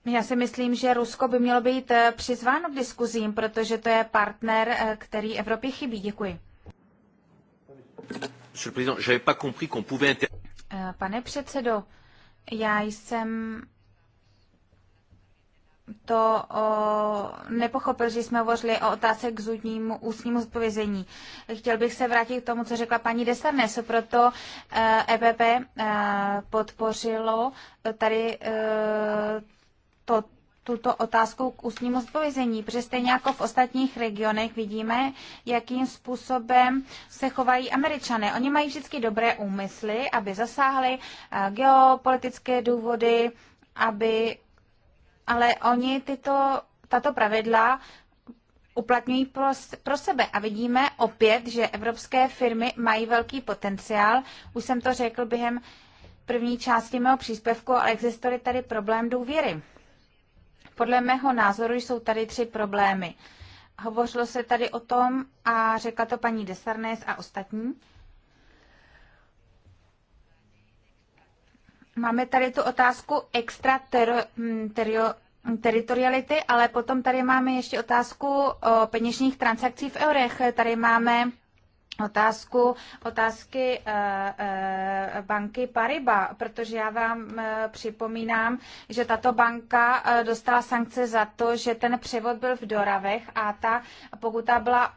Já si myslím, že Rusko by mělo být přizváno k diskuzím, protože to je partner, eh, který Evropě chybí. Děkuji. Eh, pane předsedo, já jsem to o, nepochopil, že jsme hovořili o otázce k zudnímu ústnímu zodpovězení. Chtěl bych se vrátit k tomu, co řekla paní Desarnes, proto eh, e, EPP e, eh, podpořilo tady e, to tuto otázku k ústnímu zpovězení, protože stejně jako v ostatních regionech vidíme, jakým způsobem se chovají američané. Oni mají vždycky dobré úmysly, aby zasáhli eh, geopolitické důvody, aby, ale oni tyto, tato pravidla uplatňují pro, pro sebe. A vidíme opět, že evropské firmy mají velký potenciál. Už jsem to řekl během první části mého příspěvku, ale existuje tady problém důvěry. Podle mého názoru jsou tady tři problémy. Hovořilo se tady o tom a řekla to paní Desarnes a ostatní. Máme tady tu otázku extra mm, ter, ter, mm, teritoriality, ale potom tady máme ještě otázku o peněžních transakcí v eurech. Tady máme otázku, otázky eh, eh, banky Pariba, protože já vám eh, připomínám, že tato banka dostala sankce za to, že ten převod byl v doravech a ta pokuta byla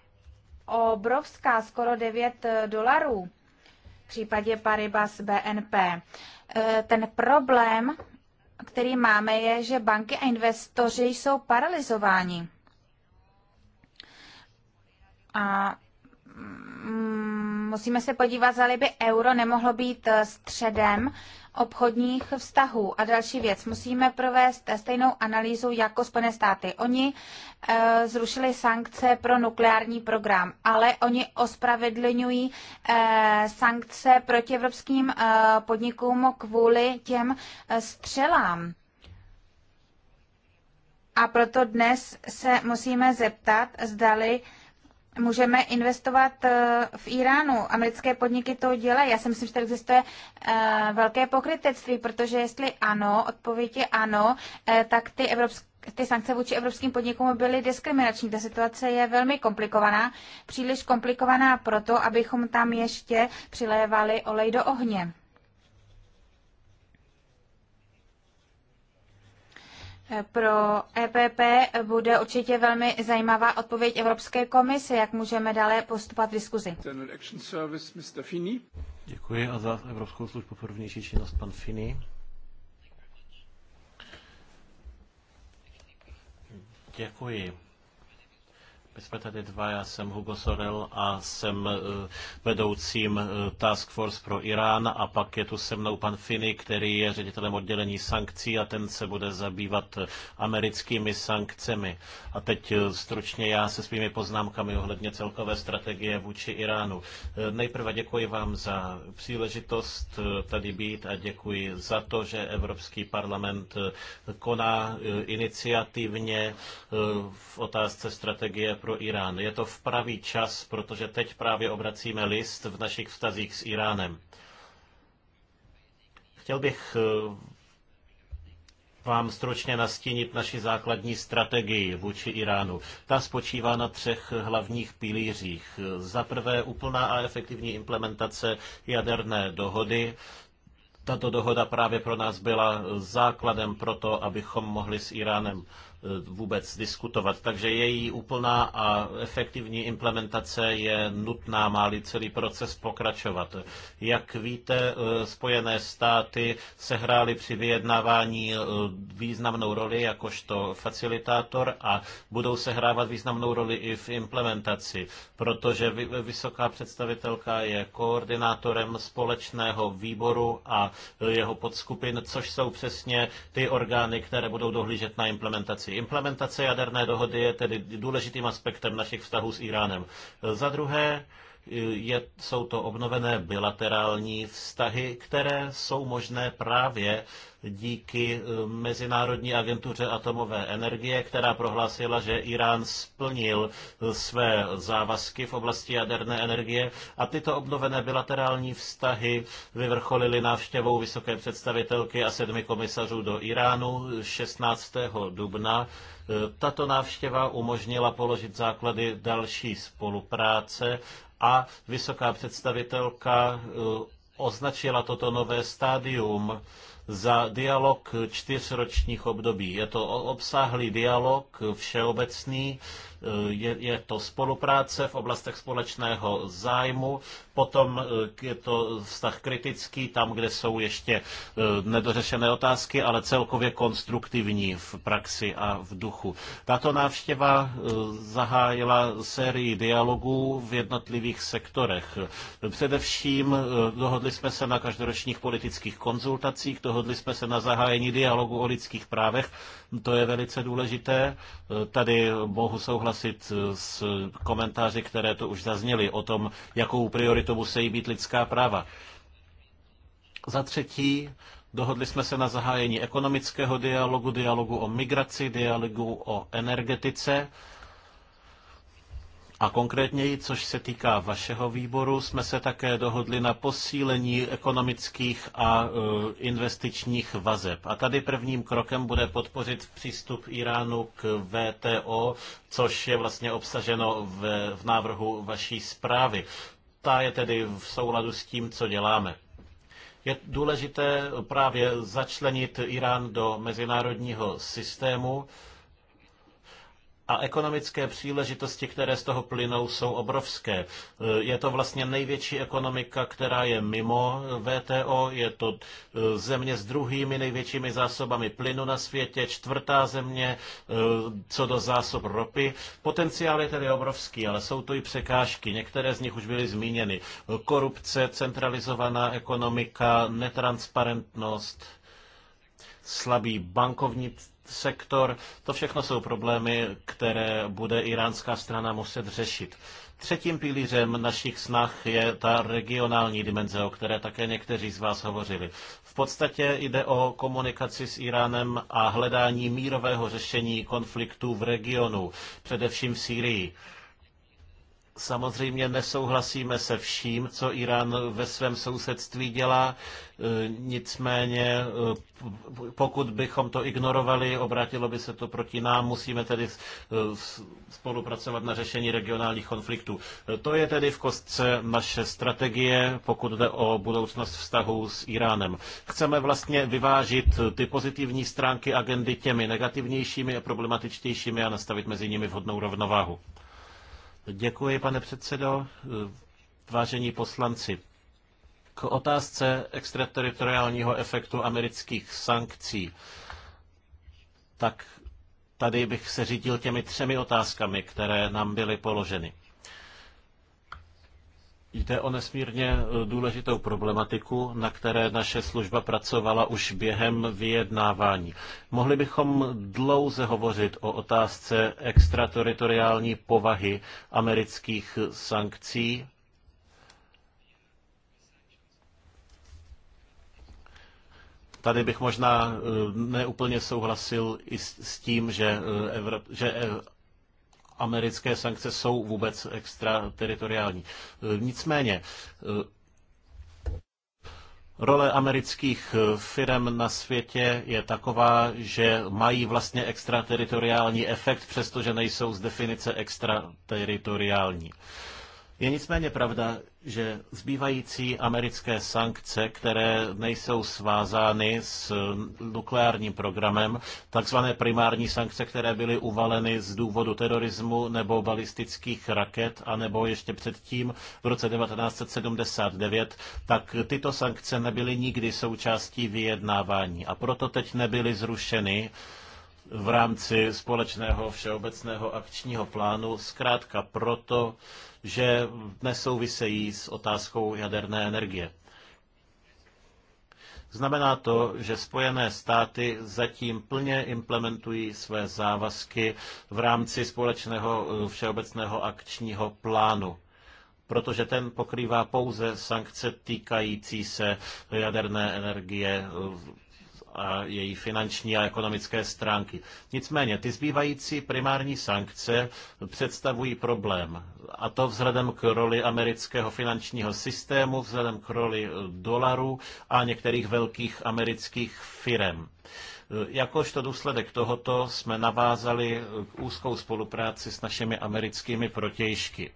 obrovská, skoro 9 dolarů v případě Paribas BNP. Ten problém, který máme, je, že banky a investoři jsou paralizováni. A Mm, musíme se podívat, zda by euro nemohlo být eh, středem obchodních vztahů. A další věc, musíme provést stejnou analýzu jako Spojené státy. Oni e, zrušili sankce pro nukleární program, ale oni ospravedlňují e, sankce proti evropským e, podnikům kvůli těm e, střelám. A proto dnes se musíme zeptat, zdali můžeme investovat eh, v Iránu. Americké podniky to dělají. Já si myslím, že tady existuje eh, velké pokrytectví, protože jestli ano, odpověď je ano, eh, tak ty evropské ty sankce vůči evropským podnikům byly diskriminační. Ta situace je velmi komplikovaná, příliš komplikovaná proto, abychom tam ještě přilévali olej do ohně. Pro EPP bude určitě velmi zajímavá odpověď Evropské komise, jak můžeme dále postupovat v diskuzi. Děkuji a za Evropskou službu pro vnější činnost pan Fini. Děkuji. My jsme tady dva, já jsem Hugo Sorel a jsem eh, vedoucím eh, Task Force pro Irán a pak je tu se mnou pan Fini, který je ředitelem oddělení sankcí a ten se bude zabývat eh, americkými sankcemi. A teď stručně já se svými poznámkami ohledně celkové strategie vůči Iránu. Nejprve děkuji vám za příležitost tady být a děkuji za to, že Evropský parlament koná iniciativně v otázce strategie pro pro Irán. Je to v pravý čas, protože teď právě obracíme list v našich vztazích s Iránem. Chtěl bych eh, vám stručně nastínit naši základní strategii vůči Iránu. Ta spočívá na třech hlavních pilířích. Za prvé úplná a efektivní implementace jaderné dohody. Tato dohoda právě pro nás byla základem pro to, abychom mohli s Iránem Eh, vůbec diskutovat. Takže její úplná a efektivní implementace je nutná, má-li celý proces pokračovat. Jak víte, eh, Spojené státy sehrály při vyjednávání eh, významnou roli jakožto facilitátor a budou sehrávat významnou roli i v implementaci, protože vysoká představitelka je koordinátorem společného výboru a jeho podskupin, což jsou přesně ty orgány, které budou dohlížet na implementaci situaci. Implementace jaderné dohody je tedy důležitým aspektem našich vztahů s Iránem. Za druhé, je, jsou to obnovené bilaterální vztahy, které jsou možné právě díky eh, Mezinárodní agentuře atomové energie, která prohlásila, že Irán splnil eh, své závazky v oblasti jaderné energie a tyto obnovené bilaterální vztahy vyvrcholily návštěvou vysoké představitelky a sedmi komisařů do Iránu 16. dubna tato návštěva umožnila položit základy další spolupráce a vysoká představitelka eh, označila toto nové stádium za dialog čtyřročních období. Je to obsáhlý dialog všeobecný, eh, je, je to spolupráce v oblastech společného zájmu, potom eh, je to vztah kritický, tam, kde jsou ještě eh, nedořešené otázky, ale celkově konstruktivní v praxi a v duchu. Tato návštěva zahájila sérii dialogů v jednotlivých sektorech. Především dohodli jsme se na každoročních politických konzultacích, toho Dohodli jsme se na zahájení dialogu o lidských právech. To je velice důležité. Tady mohu souhlasit s komentáři, které tu už zazněly o tom, jakou prioritou musí být lidská práva. Za třetí, Dohodli jsme se na zahájení ekonomického dialogu, dialogu o migraci, dialogu o energetice a konkrétněji, což se týká vašeho výboru, jsme se také dohodli na posílení ekonomických a e, investičních vazeb. A tady prvním krokem bude podpořit přístup Iránu k VTO, což je vlastně obsaženo v, v návrhu vaší zprávy. Ta je tedy v souladu s tím, co děláme. Je důležité právě začlenit Irán do mezinárodního systému, a ekonomické příležitosti, které z toho plynou, jsou obrovské. E, je to vlastně největší ekonomika, která je mimo VTO, je to e, země s druhými největšími zásobami plynu na světě, čtvrtá země e, co do zásob ropy. Potenciál je tedy obrovský, ale jsou to i překážky. Některé z nich už byly zmíněny. Korupce, centralizovaná ekonomika, netransparentnost, slabý bankovní sektor. To všechno jsou problémy, které bude iránská strana muset řešit. Třetím pilířem našich snah je ta regionální dimenze, o které také někteří z vás hovořili. V podstatě jde o komunikaci s Iránem a hledání mírového řešení konfliktů v regionu, především v Sýrii. Samozřejmě nesouhlasíme se vším, co Irán ve svém sousedství dělá, e, nicméně e, pokud bychom to ignorovali, obrátilo by se to proti nám, musíme tedy e, spolupracovat na řešení regionálních konfliktů. To je tedy v kostce naše strategie, pokud jde o budoucnost vztahu s Iránem. Chceme vlastně vyvážit ty pozitivní stránky agendy těmi negativnějšími a problematičtějšími a nastavit mezi nimi vhodnou rovnováhu. Děkuji, pane předsedo. Vážení poslanci, k otázce extrateritoriálního efektu amerických sankcí, tak tady bych se řídil těmi třemi otázkami, které nám byly položeny. Jde o nesmírně e, důležitou problematiku, na které naše služba pracovala už během vyjednávání. Mohli bychom dlouze hovořit o otázce extrateritoriální povahy amerických sankcí. Tady bych možná e, neúplně souhlasil i s tím, že, e, Evrop, že americké sankce jsou vůbec extrateritoriální. E, nicméně, e, Role amerických e, firm na světě je taková, že mají vlastně extrateritoriální efekt, přestože nejsou z definice extrateritoriální. Uh, je nicméně pravda, že zbývající americké sankce, které nejsou svázány s um, nukleárním programem, takzvané primární sankce, které byly uvaleny z důvodu terorismu nebo balistických raket, anebo ještě předtím v roce 1979, tak tyto sankce nebyly nikdy součástí vyjednávání a proto teď nebyly zrušeny v rámci společného všeobecného akčního plánu, zkrátka proto, že souvisejí s otázkou jaderné energie. Znamená to, že Spojené státy zatím plně implementují své závazky v rámci společného eh, všeobecného akčního plánu protože ten pokrývá pouze sankce týkající se jaderné energie eh, a její finanční a ekonomické stránky. Nicméně ty zbývající primární sankce představují problém. A to vzhledem k roli amerického finančního systému, vzhledem k roli eh, dolaru a některých velkých amerických firem. Eh, jakožto důsledek tohoto jsme navázali eh, úzkou spolupráci s našimi americkými protějšky.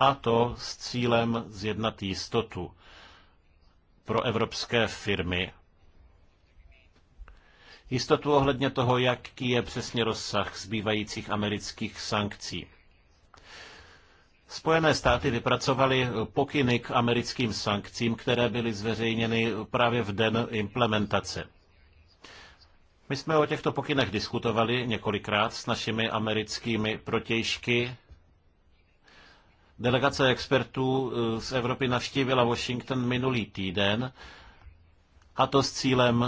A to s cílem zjednat jistotu pro evropské firmy, jistotu ohledně toho, jaký je přesně rozsah zbývajících amerických sankcí. Spojené státy vypracovaly pokyny k americkým sankcím, které byly zveřejněny právě v den implementace. My jsme o těchto pokynech diskutovali několikrát s našimi americkými protějšky. Delegace expertů eh, z Evropy navštívila Washington minulý týden a to s cílem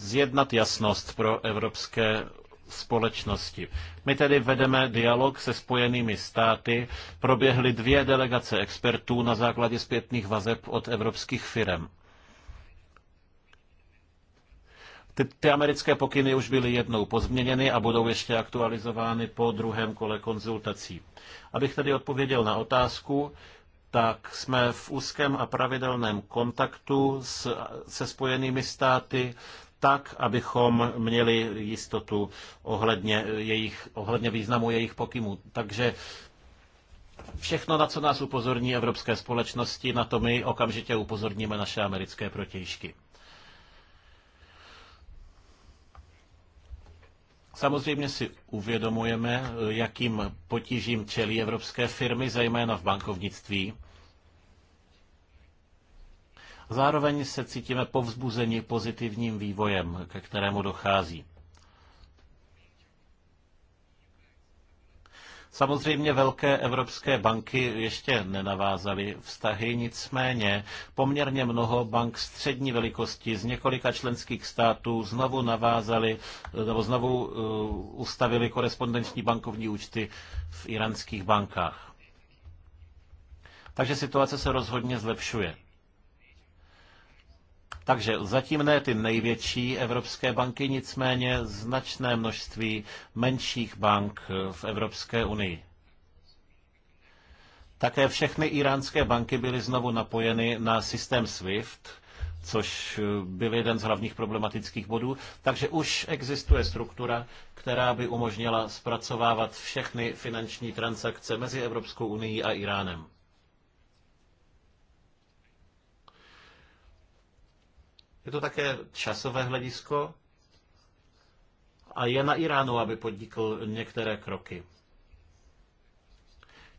zjednat jasnost pro evropské společnosti. My tedy vedeme dialog se spojenými státy. Proběhly dvě delegace expertů na základě zpětných vazeb od evropských firm. Ty, ty americké pokyny už byly jednou pozměněny a budou ještě aktualizovány po druhém kole konzultací. Abych tedy odpověděl na otázku, tak jsme v úzkém a pravidelném kontaktu s, se spojenými státy tak, abychom měli jistotu ohledně, jejich, ohledně významu jejich pokynů. Takže všechno, na co nás upozorní evropské společnosti, na to my okamžitě upozorníme naše americké protějšky. Samozřejmě si uvědomujeme, jakým potížím čelí evropské firmy, zejména v bankovnictví. Zároveň se cítíme povzbuzeni pozitivním vývojem, ke kterému dochází. Samozřejmě velké evropské banky ještě nenavázaly vztahy, nicméně poměrně mnoho bank střední velikosti z několika členských států znovu navázali nebo znovu uh, ustavili korespondenční bankovní účty v iránských bankách. Takže situace se rozhodně zlepšuje. Takže zatím ne ty největší evropské banky, nicméně značné množství menších bank v Evropské unii. Také všechny iránské banky byly znovu napojeny na systém SWIFT, což byl jeden z hlavních problematických bodů. Takže už existuje struktura, která by umožnila zpracovávat všechny finanční transakce mezi Evropskou unii a Iránem. Je to také časové hledisko a je na Iránu, aby podnikl některé kroky.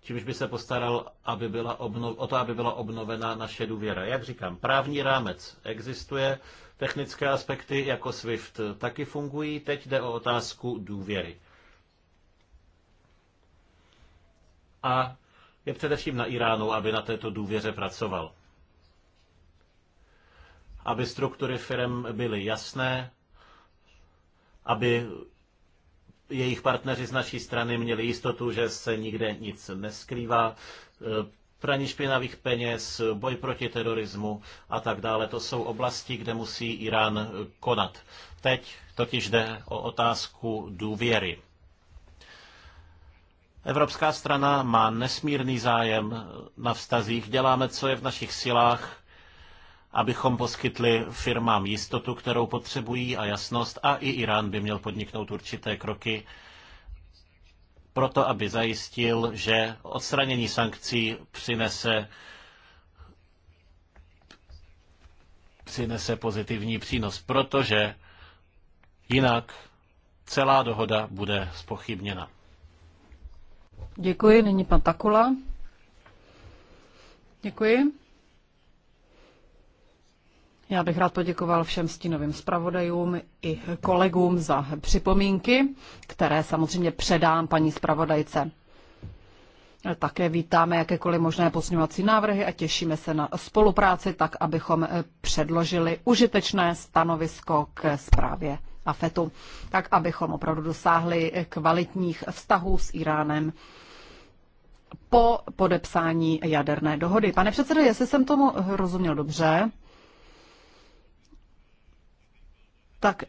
Čímž by se postaral aby byla obnov, o to, aby byla obnovena naše důvěra. Jak říkám, právní rámec existuje, technické aspekty jako SWIFT taky fungují, teď jde o otázku důvěry. A je především na Iránu, aby na této důvěře pracoval aby struktury firm byly jasné, aby jejich partneři z naší strany měli jistotu, že se nikde nic neskrývá, praní špinavých peněz, boj proti terorismu a tak dále. To jsou oblasti, kde musí Irán konat. Teď totiž jde o otázku důvěry. Evropská strana má nesmírný zájem na vztazích, děláme, co je v našich silách, abychom poskytli firmám jistotu, kterou potřebují a jasnost a i Irán by měl podniknout určité kroky proto, aby zajistil, že odstranění sankcí přinese přinese pozitivní přínos, protože jinak celá dohoda bude spochybněna. Děkuji, nyní pan Takula. Děkuji. Já bych rád poděkoval všem stínovým zpravodajům i kolegům za připomínky, které samozřejmě předám paní zpravodajce. Také vítáme jakékoliv možné posňovací návrhy a těšíme se na spolupráci tak, abychom předložili užitečné stanovisko k zprávě AFETu, tak abychom opravdu dosáhli kvalitních vztahů s Iránem po podepsání jaderné dohody. Pane předsedo, jestli jsem tomu rozuměl dobře, tak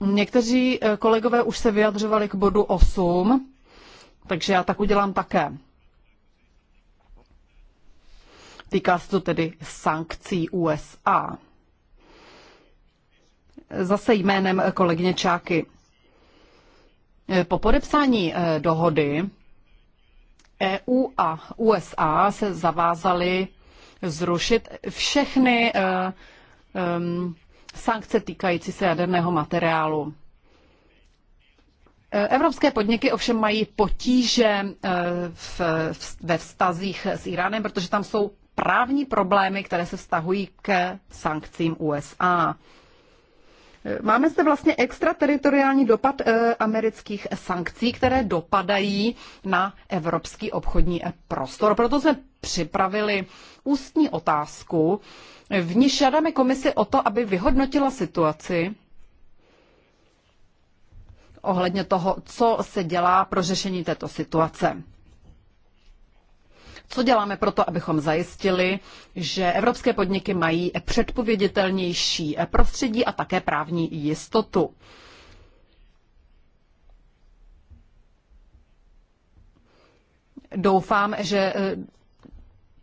někteří eh, kolegové už se vyjadřovali k bodu 8, takže já tak udělám také. Týká se to tedy sankcí USA. Zase jménem eh, kolegyně Čáky. Eh, po podepsání dohody EU a USA se zavázaly zrušit všechny um, sankce týkající se jaderného materiálu. E, evropské podniky ovšem mají potíže e, v, v, ve vztazích s Iránem, protože tam jsou právní problémy, které se vztahují k sankcím USA. Máme se vlastně extrateritoriální dopad eh, amerických sankcí, které dopadají na evropský obchodní eh, prostor. Proto jsme připravili ústní otázku, v ní žádáme komisi o to, aby vyhodnotila situaci ohledně toho, co se dělá pro řešení této situace. Co děláme pro to, abychom zajistili, že evropské podniky mají předpověditelnější prostředí a také právní jistotu? Doufám, že eh,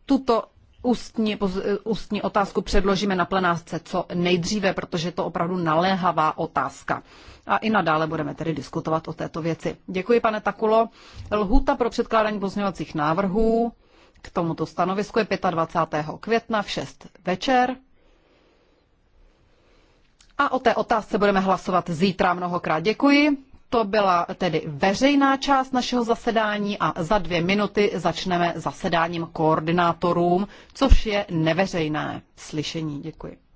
tuto ústní, eh, ústní otázku předložíme na plenářce co nejdříve, protože je to opravdu naléhavá otázka. A i nadále budeme tedy diskutovat o této věci. Děkuji, pane Takulo. Lhuta pro předkládání pozměňovacích návrhů k tomuto stanovisku je 25. května v 6 večer. A o té otázce budeme hlasovat zítra. Mnohokrát děkuji. To byla tedy veřejná část našeho zasedání a za dvě minuty začneme zasedáním koordinátorům, což je neveřejné slyšení. Děkuji.